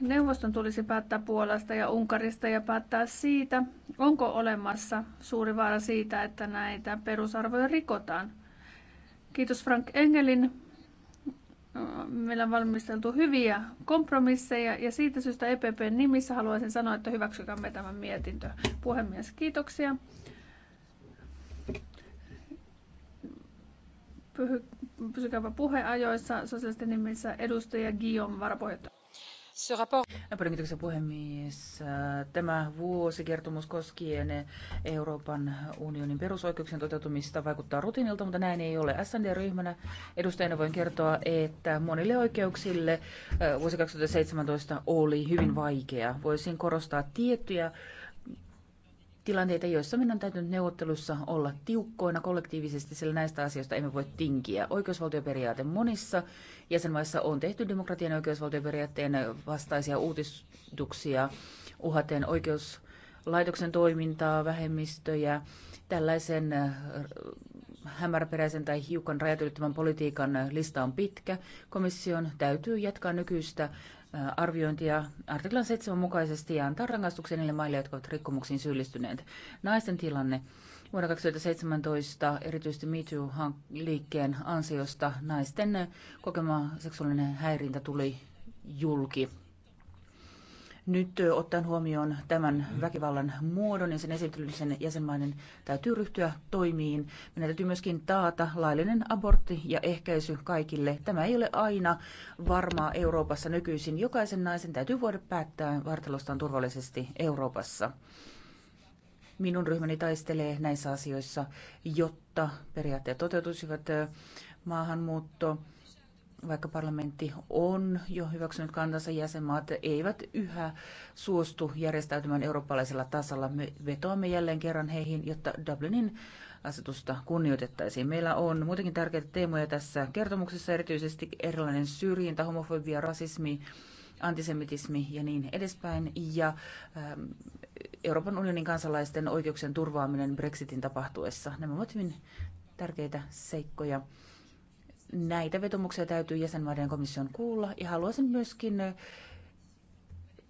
Neuvoston tulisi päättää Puolasta ja Unkarista ja päättää siitä, onko olemassa suuri vaara siitä, että näitä perusarvoja rikotaan. Kiitos Frank Engelin. Meillä on valmisteltu hyviä kompromisseja ja siitä syystä EPPn nimissä haluaisin sanoa, että hyväksykäämme tämän mietintö. Puhemies, kiitoksia. Pysykääpä puheajoissa sosiaalisten nimissä edustaja Guillaume Varapuheenjohtaja. Kiitoksia puhemies. Tämä vuosikertomus koskien Euroopan unionin perusoikeuksien toteutumista vaikuttaa rutiinilta, mutta näin ei ole. SND-ryhmänä edustajana voin kertoa, että monille oikeuksille äh, vuosi 2017 oli hyvin vaikea. Voisin korostaa tiettyjä tilanteita, joissa meidän on täytynyt neuvottelussa olla tiukkoina kollektiivisesti, sillä näistä asioista emme voi tinkiä. Oikeusvaltioperiaate monissa jäsenmaissa on tehty demokratian ja oikeusvaltioperiaatteen vastaisia uutistuksia, uhaten oikeuslaitoksen toimintaa, vähemmistöjä, tällaisen äh, hämäräperäisen tai hiukan rajat politiikan lista on pitkä. Komission täytyy jatkaa nykyistä arviointia artiklan 7 mukaisesti ja antaa rangaistuksia niille maille, jotka ovat rikkomuksiin syyllistyneet. Naisten tilanne. Vuonna 2017 erityisesti metoo liikkeen ansiosta naisten kokema seksuaalinen häirintä tuli julki. Nyt ottaen huomioon tämän väkivallan muodon ja sen esityllisen jäsenmaiden täytyy ryhtyä toimiin. Meidän täytyy myöskin taata laillinen abortti ja ehkäisy kaikille. Tämä ei ole aina varmaa Euroopassa nykyisin. Jokaisen naisen täytyy voida päättää vartalostaan turvallisesti Euroopassa. Minun ryhmäni taistelee näissä asioissa, jotta periaatteet toteutuisivat maahanmuutto vaikka parlamentti on jo hyväksynyt kantansa, jäsenmaat eivät yhä suostu järjestäytymään eurooppalaisella tasolla. Me vetoamme jälleen kerran heihin, jotta Dublinin asetusta kunnioitettaisiin. Meillä on muutenkin tärkeitä teemoja tässä kertomuksessa, erityisesti erilainen syrjintä, homofobia, rasismi, antisemitismi ja niin edespäin. Ja ähm, Euroopan unionin kansalaisten oikeuksien turvaaminen Brexitin tapahtuessa. Nämä ovat hyvin tärkeitä seikkoja näitä vetomuksia täytyy jäsenmaiden komission kuulla. Ja haluaisin myöskin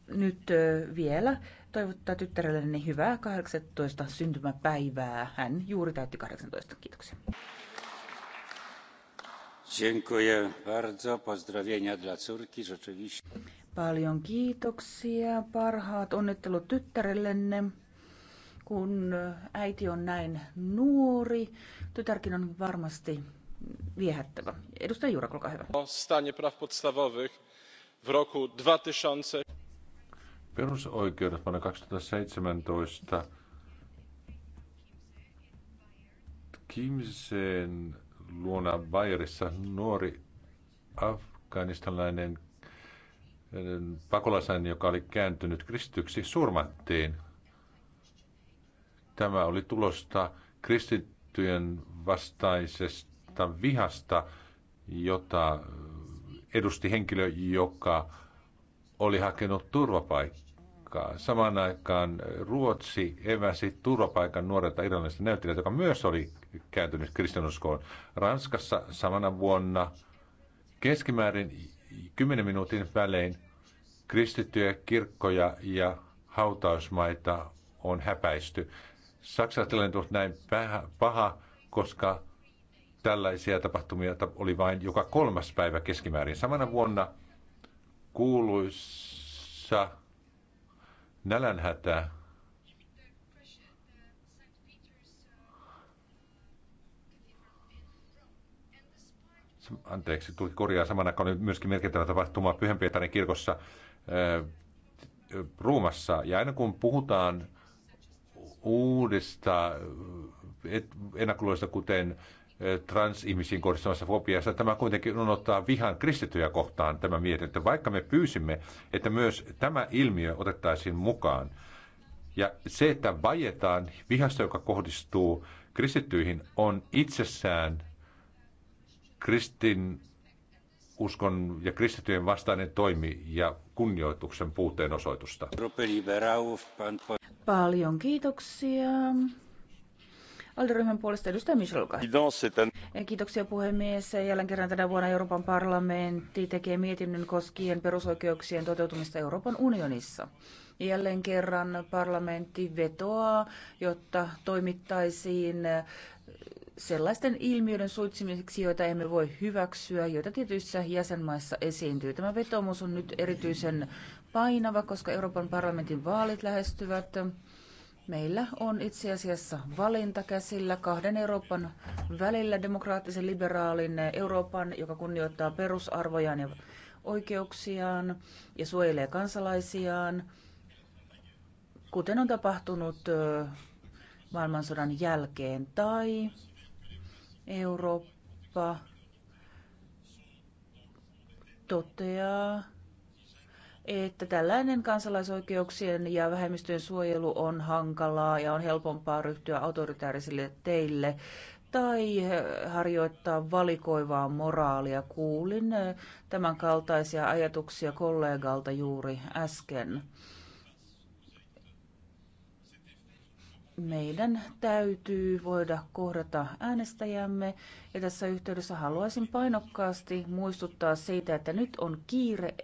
nyt vielä toivottaa tyttärelleni hyvää 18 syntymäpäivää. Hän juuri täytti 18. Kiitoksia. Dziękuję bardzo. Pozdrowienia dla córki rzeczywiście. Paljon kiitoksia. Parhaat onnittelut tyttärellenne. Kun äiti on näin nuori, tytärkin on varmasti viehättävä. Edustaja Jurak, olkaa hyvä. O stanie praw podstawowych w roku 2000. Perusoikeudet vuonna 2017 Kimseen luona Bayerissa nuori afganistalainen äh, pakolaisen, joka oli kääntynyt kristityksi, surmattiin. Tämä oli tulosta kristittyjen vastaisesta sellaista vihasta, jota edusti henkilö, joka oli hakenut turvapaikkaa. Samaan aikaan Ruotsi eväsi turvapaikan nuorelta irlannista näyttelijältä, joka myös oli kääntynyt kristinuskoon. Ranskassa samana vuonna keskimäärin 10 minuutin välein kristittyjä kirkkoja ja hautausmaita on häpäisty. Saksalaiset näin paha, koska tällaisia tapahtumia oli vain joka kolmas päivä keskimäärin. Samana vuonna kuuluissa nälänhätä anteeksi, tuli korjaa samana, kun oli myöskin merkittävä tapahtuma pyhän Pietarin kirkossa Ruumassa. Ja aina kun puhutaan uudesta ennakkoluuloista, kuten Eh, transihmisiin kohdistamassa fobiassa. Tämä kuitenkin unohtaa vihan kristittyjä kohtaan tämä mietintö, vaikka me pyysimme, että myös tämä ilmiö otettaisiin mukaan. Ja se, että vajetaan vihasta, joka kohdistuu kristittyihin, on itsessään kristin uskon ja kristityjen vastainen toimi ja kunnioituksen puuteen osoitusta. Paljon kiitoksia. Alderyhmän puolesta edustaja Michelka. Kiitoksia puhemies. Jälleen kerran tänä vuonna Euroopan parlamentti tekee mietinnön koskien perusoikeuksien toteutumista Euroopan unionissa. Jälleen kerran parlamentti vetoaa, jotta toimittaisiin sellaisten ilmiöiden suitsimiseksi, joita emme voi hyväksyä, joita tietyissä jäsenmaissa esiintyy. Tämä vetomus on nyt erityisen painava, koska Euroopan parlamentin vaalit lähestyvät. Meillä on itse asiassa valinta käsillä kahden Euroopan välillä demokraattisen liberaalin Euroopan, joka kunnioittaa perusarvojaan ja oikeuksiaan ja suojelee kansalaisiaan, kuten on tapahtunut maailmansodan jälkeen, tai Eurooppa toteaa, että tällainen kansalaisoikeuksien ja vähemmistöjen suojelu on hankalaa ja on helpompaa ryhtyä autoritäärisille teille tai harjoittaa valikoivaa moraalia. Kuulin tämän kaltaisia ajatuksia kollegalta juuri äsken. Meidän täytyy voida kohdata äänestäjämme ja tässä yhteydessä haluaisin painokkaasti muistuttaa siitä, että nyt on kiire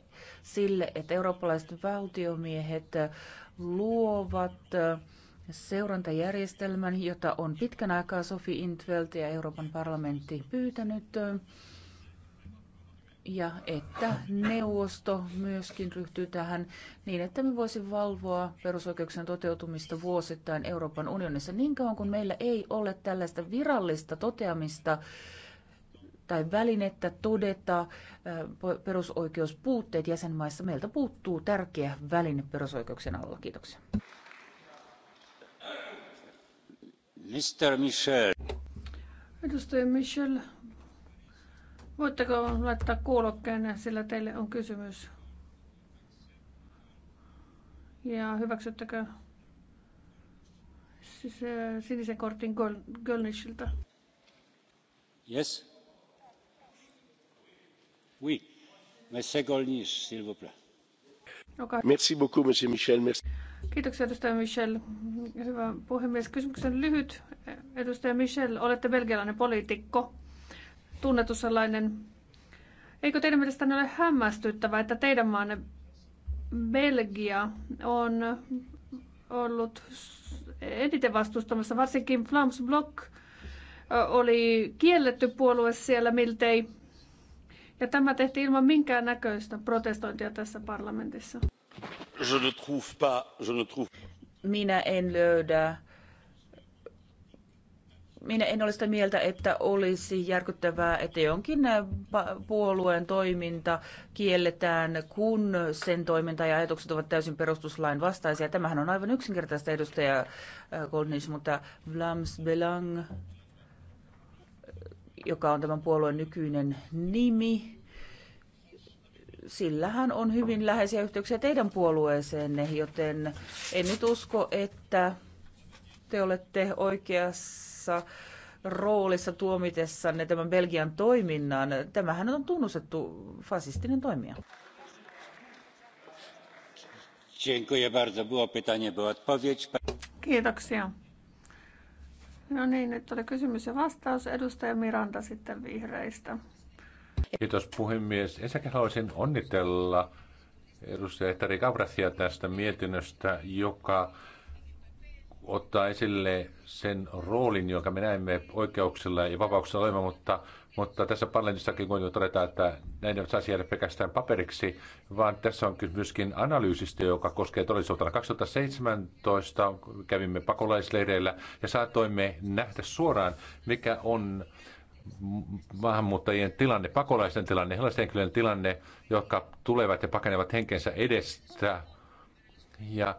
sille, että eurooppalaiset valtiomiehet luovat seurantajärjestelmän, jota on pitkän aikaa Sofi Intveld ja Euroopan parlamentti pyytänyt. Ja että neuvosto myöskin ryhtyy tähän niin, että me voisimme valvoa perusoikeuksien toteutumista vuosittain Euroopan unionissa niin kauan kuin meillä ei ole tällaista virallista toteamista tai välinettä todeta perusoikeuspuutteet jäsenmaissa. Meiltä puuttuu tärkeä väline perusoikeuksien alla. Kiitoksia. Mr. Michel. Edustaja Michel, voitteko laittaa kuulokkeen, sillä teille on kysymys. Ja hyväksyttekö sinisen kortin Gölnischiltä? Yes arvoisa edustaja Michel. puhemies. Kysymys on lyhyt. Edustaja Michel, olette belgialainen poliitikko, tunnettu sellainen. Eikö teidän mielestänne ole hämmästyttävää, että teidän maanne Belgia on ollut eniten vastustamassa, varsinkin Flams Block oli kielletty puolue siellä miltei ja tämä tehtiin ilman minkään näköistä protestointia tässä parlamentissa. Minä en löydä minä en ole sitä mieltä, että olisi järkyttävää, että jonkin puolueen toiminta kielletään, kun sen toiminta ja ajatukset ovat täysin perustuslain vastaisia. Tämähän on aivan yksinkertaista edustaja Goldnish, äh, mutta Vlams Belang joka on tämän puolueen nykyinen nimi, sillähän on hyvin läheisiä yhteyksiä teidän puolueeseenne, joten en nyt usko, että te olette oikeassa roolissa tuomitessanne tämän Belgian toiminnan. Tämähän on tunnustettu fasistinen toimija. Kiitoksia. No niin, nyt oli kysymys ja vastaus. Edustaja Miranda sitten vihreistä. Kiitos puhemies. Ensinnäkin haluaisin onnitella edustaja Ehtari Kabrasia tästä mietinnöstä, joka ottaa esille sen roolin, jonka me näemme oikeuksilla ja vapauksilla olevan, mutta mutta tässä paneelissakin kun todetaan, että näin ei saisi jäädä pelkästään paperiksi, vaan tässä on myöskin analyysistä, joka koskee todellisuutta. 2017 kävimme pakolaisleireillä ja saatoimme nähdä suoraan, mikä on maahanmuuttajien tilanne, pakolaisten tilanne, sellaisten henkilöiden tilanne, jotka tulevat ja pakenevat henkensä edestä. Ja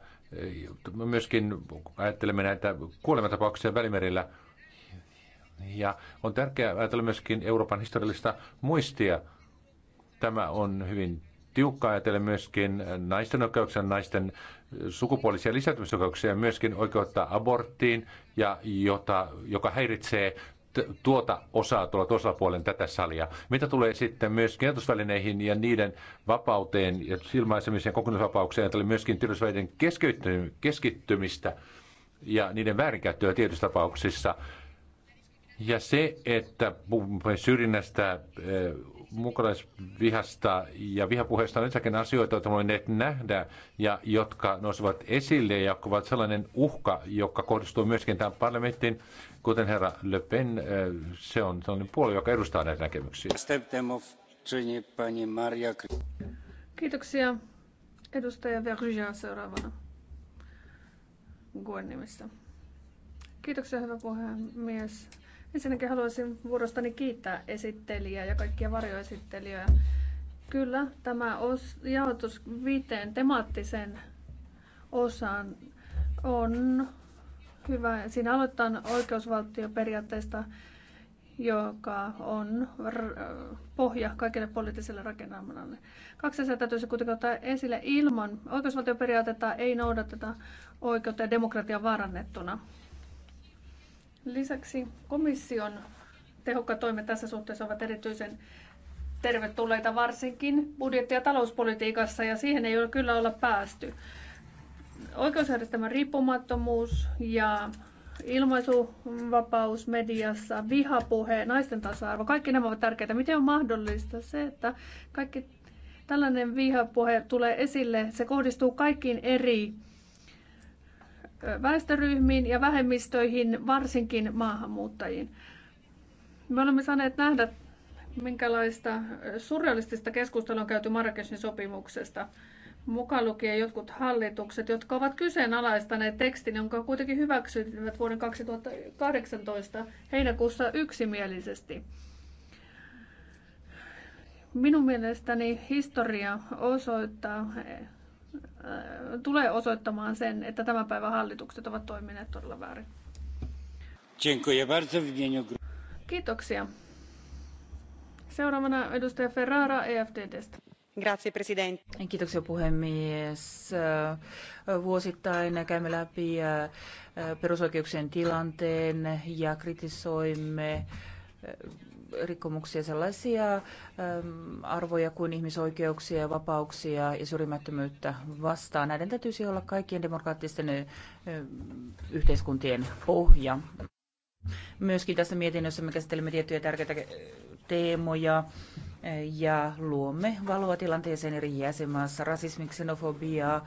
e, myöskin ajattelemme näitä kuolematapauksia Välimerillä – ja on tärkeää ajatella myöskin Euroopan historiallista muistia. Tämä on hyvin tiukkaa ajatella myöskin naisten oikeuksia, naisten sukupuolisia lisääntymisoikeuksia ja myöskin oikeutta aborttiin, ja jota, joka häiritsee tuota osaa tuolla toisella puolen tätä salia. Mitä tulee sitten myös tiedotusvälineihin ja niiden vapauteen ja ilmaisemiseen kokonaisvapaukseen, oli myöskin tiedotusvälineiden keskittymistä ja niiden väärinkäyttöä tietyissä tapauksissa – ja se, että puhumme syrjinnästä, eh, mukalaisvihasta ja vihapuheesta on ensinnäkin asioita, joita voineet nähdä ja jotka nousevat esille ja jotka ovat sellainen uhka, joka kohdistuu myöskin tämän parlamenttiin, kuten herra Le Pen, eh, se on sellainen puoli, joka edustaa näitä näkemyksiä. Kiitoksia. Edustaja Verja seuraavana. Guen nimissä. Kiitoksia, hyvä puhemies. Ensinnäkin haluaisin vuorostani kiittää esittelijää ja kaikkia varjoesittelijöitä. Kyllä, tämä os, jaotus viiteen temaattisen osaan on hyvä. Siinä aloittaa oikeusvaltioperiaatteesta, joka on pohja kaikille poliittiselle rakennelmalle. Kaksi asiaa täytyisi kuitenkin ottaa esille. Ilman oikeusvaltioperiaatetta ei noudateta oikeutta ja demokratia vaarannettuna. Lisäksi komission tehokkaat toimet tässä suhteessa ovat erityisen tervetulleita varsinkin budjetti- ja talouspolitiikassa ja siihen ei ole kyllä olla päästy. Oikeusjärjestelmän riippumattomuus ja ilmaisuvapaus mediassa, vihapuhe, naisten tasa-arvo, kaikki nämä ovat tärkeitä. Miten on mahdollista se, että kaikki tällainen vihapuhe tulee esille, se kohdistuu kaikkiin eri väestöryhmiin ja vähemmistöihin, varsinkin maahanmuuttajiin. Me olemme saaneet nähdä, minkälaista surrealistista keskustelua on käyty Marrakeshin sopimuksesta, mukaan lukien jotkut hallitukset, jotka ovat kyseenalaistaneet tekstin, jonka kuitenkin hyväksyivät vuoden 2018 heinäkuussa yksimielisesti. Minun mielestäni historia osoittaa, Äh, tulee osoittamaan sen, että tämän päivän hallitukset ovat toimineet todella väärin. Kiitoksia. Seuraavana edustaja Ferrara EFTDstä. Grazie, president. Kiitoksia puhemies. Äh, vuosittain käymme läpi äh, perusoikeuksien tilanteen ja kritisoimme rikkomuksia, sellaisia ähm, arvoja kuin ihmisoikeuksia vapauksia ja syrjimättömyyttä vastaan. Näiden täytyisi siis olla kaikkien demokraattisten yhteiskuntien pohja. Myöskin tässä mietinnössä me käsittelemme tiettyjä tärkeitä teemoja ja luomme valoa tilanteeseen eri jäsenmaassa. Rasismi, xenofobia,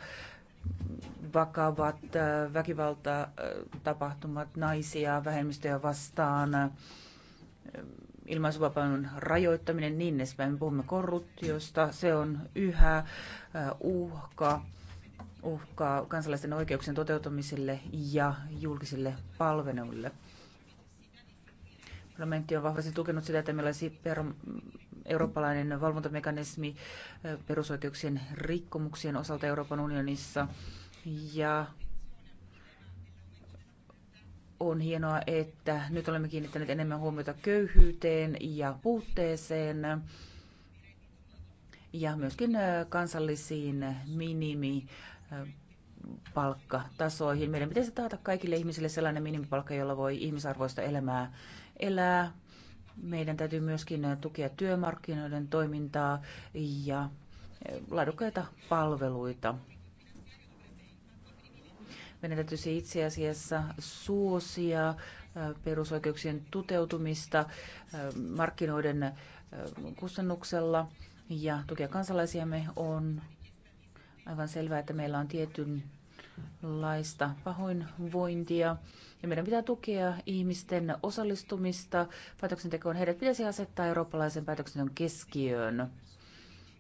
vakavat väkivaltatapahtumat naisia, vähemmistöjä vastaan, ilmaisuvapauden rajoittaminen niin edespäin. Me puhumme korruptiosta, se on yhä äh, uhka uhka kansalaisten oikeuksien toteutumiselle ja julkisille palveluille. Parlamentti on vahvasti tukenut sitä, että meillä olisi per, eurooppalainen valvontamekanismi äh, perusoikeuksien rikkomuksien osalta Euroopan unionissa. Ja on hienoa, että nyt olemme kiinnittäneet enemmän huomiota köyhyyteen ja puutteeseen ja myöskin äh, kansallisiin minimi palkkatasoihin. Meidän pitäisi taata kaikille ihmisille sellainen minimipalkka, jolla voi ihmisarvoista elämää elää. Meidän täytyy myöskin äh, tukea työmarkkinoiden toimintaa ja äh, laadukkaita palveluita. Meidän täytyisi itse asiassa suosia perusoikeuksien toteutumista markkinoiden kustannuksella ja tukea kansalaisiamme on aivan selvää, että meillä on tietynlaista pahoinvointia. Ja meidän pitää tukea ihmisten osallistumista päätöksentekoon. Heidät pitäisi asettaa eurooppalaisen päätöksenteon keskiöön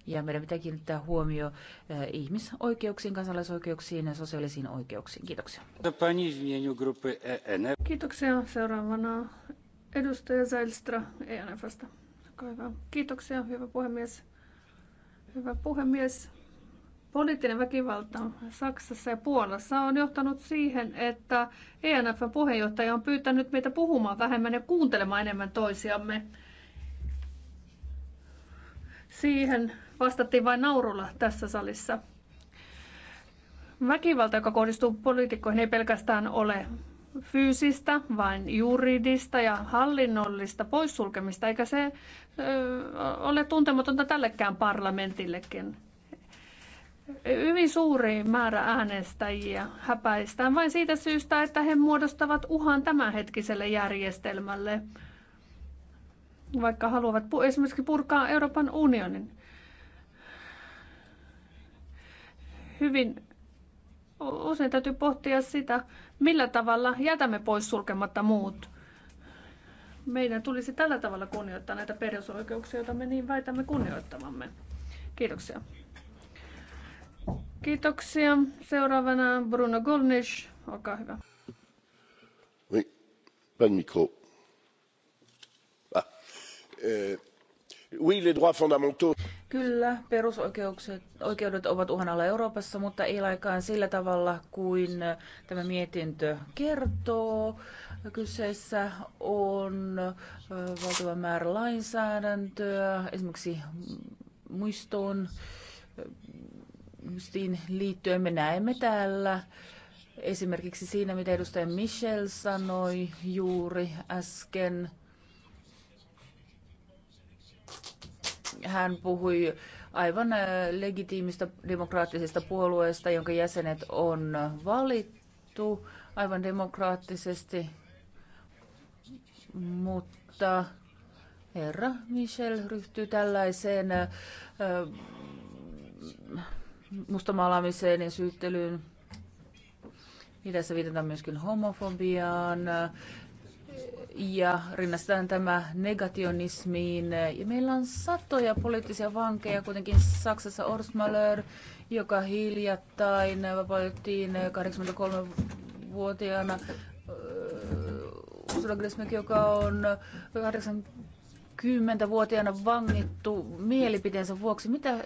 ja meidän pitää kiinnittää huomio eh, ihmisoikeuksiin, kansalaisoikeuksiin ja sosiaalisiin oikeuksiin. Kiitoksia. E Kiitoksia. Seuraavana edustaja Zailstra ENFstä. Hyvä. Kiitoksia, hyvä puhemies. Hyvä puhemies. Poliittinen väkivalta Saksassa ja Puolassa on johtanut siihen, että ENFn puheenjohtaja on pyytänyt meitä puhumaan vähemmän ja kuuntelemaan enemmän toisiamme. Siihen vastattiin vain naurulla tässä salissa. Väkivalta, joka kohdistuu poliitikkoihin, ei pelkästään ole fyysistä, vaan juridista ja hallinnollista poissulkemista, eikä se ö, ole tuntematonta tällekään parlamentillekin. Hyvin suuri määrä äänestäjiä häpäistään vain siitä syystä, että he muodostavat uhan tämänhetkiselle järjestelmälle, vaikka haluavat esimerkiksi purkaa Euroopan unionin. hyvin usein täytyy pohtia sitä, millä tavalla jätämme pois sulkematta muut. Meidän tulisi tällä tavalla kunnioittaa näitä perusoikeuksia, joita me niin väitämme kunnioittavamme. Kiitoksia. Kiitoksia. Seuraavana Bruno Golnish, olkaa hyvä. Oui, pas de micro. Ah. Euh, oui, les droits fondamentaux. Kyllä, perusoikeudet ovat uhan alla Euroopassa, mutta ei lainkaan sillä tavalla kuin tämä mietintö kertoo. Kyseessä on valtava määrä lainsäädäntöä, esimerkiksi muistoon liittyen me näemme täällä esimerkiksi siinä, mitä edustaja Michel sanoi juuri äsken – Hän puhui aivan äh, legitiimistä demokraattisesta puolueesta, jonka jäsenet on valittu aivan demokraattisesti, mutta herra Michel ryhtyy tällaiseen äh, äh, mustamaalaamiseen ja syyttelyyn. Niin tässä viitataan myöskin homofobiaan, ja rinnastetaan tämä negationismiin. Ja meillä on satoja poliittisia vankeja, kuitenkin Saksassa Orsmalör, joka hiljattain vapautettiin 83-vuotiaana. Ursula Gressmek, joka on 80-vuotiaana vangittu mielipiteensä vuoksi. Mitä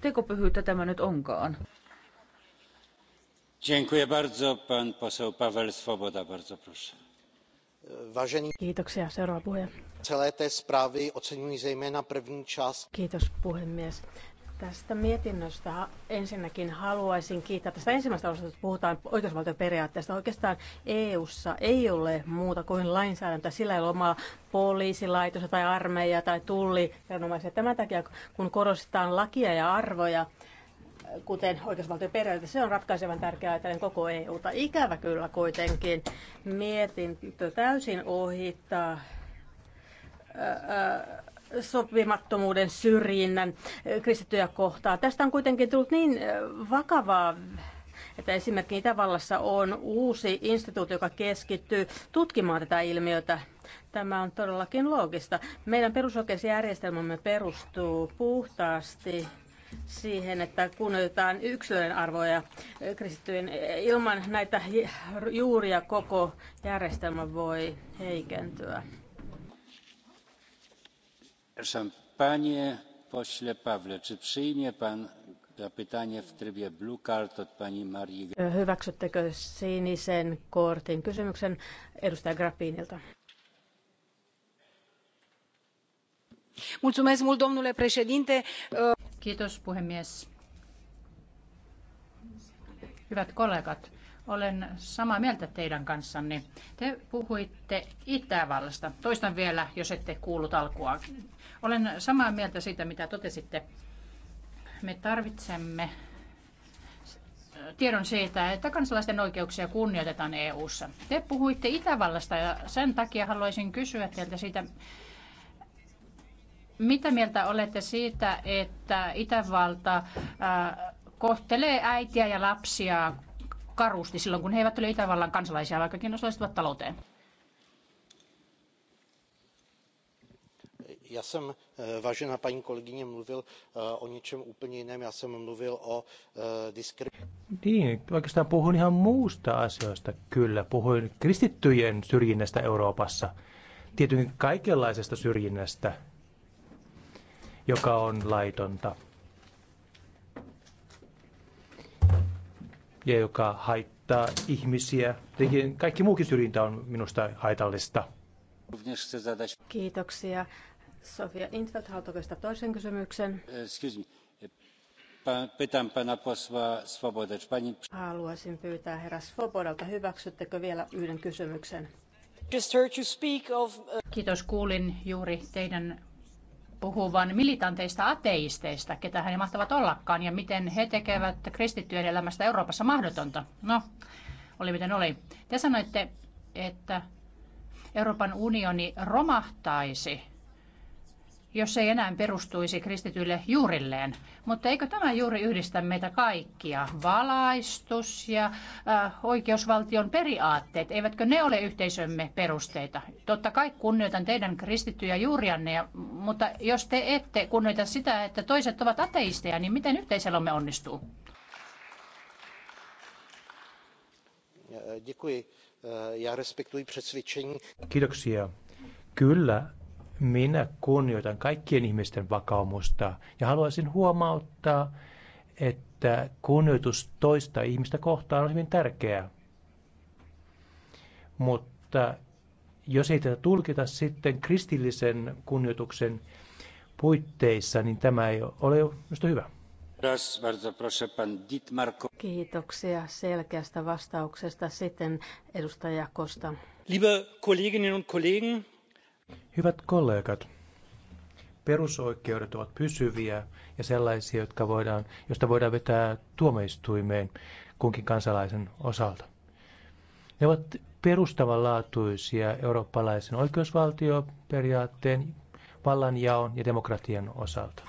tekopyhyyttä tämä nyt onkaan? Dziękuję bardzo. Pan poseł Paweł Swoboda, bardzo proszę Vážený... Kiitoksia. Seuraava puhuja. Celé té zprávy oceňuji zejména první část. Kiitos puhemies. Tästä mietinnöstä ensinnäkin haluaisin kiittää tästä ensimmäistä osasta, että puhutaan oikeusvaltioperiaatteesta. Oikeastaan EU:ssa ei ole muuta kuin lainsäädäntöä. Sillä ei ole omaa poliisilaitosta tai armeijaa tai tulliviranomaiset. Tämän takia, kun korostetaan lakia ja arvoja, kuten oikeusvaltioperiaate, se on ratkaisevan tärkeää ajatellen koko EUta. Ikävä kyllä kuitenkin mietintö täysin ohittaa sopimattomuuden syrjinnän kristittyjä kohtaan. Tästä on kuitenkin tullut niin vakavaa että esimerkiksi Itävallassa on uusi instituutio, joka keskittyy tutkimaan tätä ilmiötä. Tämä on todellakin loogista. Meidän perusoikeusjärjestelmämme perustuu puhtaasti siihen, että kunnioitetaan yksilön arvoja eh, kristittyjen. Ilman näitä juuria koko järjestelmä voi heikentyä. Panie pośle Pawle, czy przyjmie pan zapytanie w trybie blue card od pani Marii? E, hyväksyttekö sinisen kortin kysymyksen edustaja Grappinilta? domnule președinte e, Kiitos puhemies. Hyvät kollegat, olen samaa mieltä teidän kanssanne. Te puhuitte Itävallasta. Toistan vielä, jos ette kuullut alkua. Olen samaa mieltä siitä, mitä totesitte. Me tarvitsemme tiedon siitä, että kansalaisten oikeuksia kunnioitetaan EU:ssa. Te puhuitte Itävallasta ja sen takia haluaisin kysyä teiltä siitä, mitä mieltä olette siitä, että Itävalta kohtelee äitiä ja lapsia karusti silloin, kun he eivät ole Itävallan kansalaisia, vaikkakin osallistuvat talouteen? já jsem vážená paní kolegyně mluvil o něčem úplně jiném já jsem mluvil o Niin, oikeastaan puhuin ihan muusta asioista, kyllä. Puhuin kristittyjen syrjinnästä Euroopassa, Tietysti kaikenlaisesta syrjinnästä, joka on laitonta ja joka haittaa ihmisiä. Kaikki muukin syrjintä on minusta haitallista. Kiitoksia. Sofia Intfeldt, haluatko toisen kysymyksen? Excuse me. Haluaisin pyytää herra Svobodalta, hyväksyttekö vielä yhden kysymyksen? Uh- Kiitos, kuulin juuri teidän puhuvan militanteista ateisteista, ketä he mahtavat ollakaan, ja miten he tekevät kristittyjen elämästä Euroopassa mahdotonta. No, oli miten oli. Te sanoitte, että Euroopan unioni romahtaisi jos ei enää perustuisi kristityille juurilleen. Mutta eikö tämä juuri yhdistä meitä kaikkia? Valaistus ja äh, oikeusvaltion periaatteet, eivätkö ne ole yhteisömme perusteita? Totta kai kunnioitan teidän kristittyjä juurianne, mutta jos te ette kunnioita sitä, että toiset ovat ateisteja, niin miten yhteisömme onnistuu? E, e, Kiitoksia. Kyllä, minä kunnioitan kaikkien ihmisten vakaumusta ja haluaisin huomauttaa, että kunnioitus toista ihmistä kohtaan on hyvin tärkeää. Mutta jos ei tätä tulkita sitten kristillisen kunnioituksen puitteissa, niin tämä ei ole minusta hyvä. Kiitoksia selkeästä vastauksesta. Sitten edustaja Kosta. Liebe Kolleginnen und Kollegen, Hyvät kollegat, perusoikeudet ovat pysyviä ja sellaisia, jotka voidaan, joista voidaan vetää tuomioistuimeen kunkin kansalaisen osalta. Ne ovat perustavanlaatuisia eurooppalaisen oikeusvaltioperiaatteen, vallanjaon ja demokratian osalta.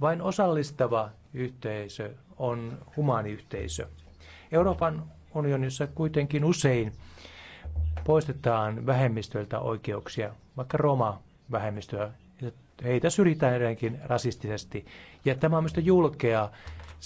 Vain osallistava yhteisö on humaani yhteisö. Euroopan unionissa kuitenkin usein poistetaan vähemmistöiltä oikeuksia, vaikka Roma vähemmistöä. Heitä syrjitään edelleenkin rasistisesti. Ja tämä on minusta julkea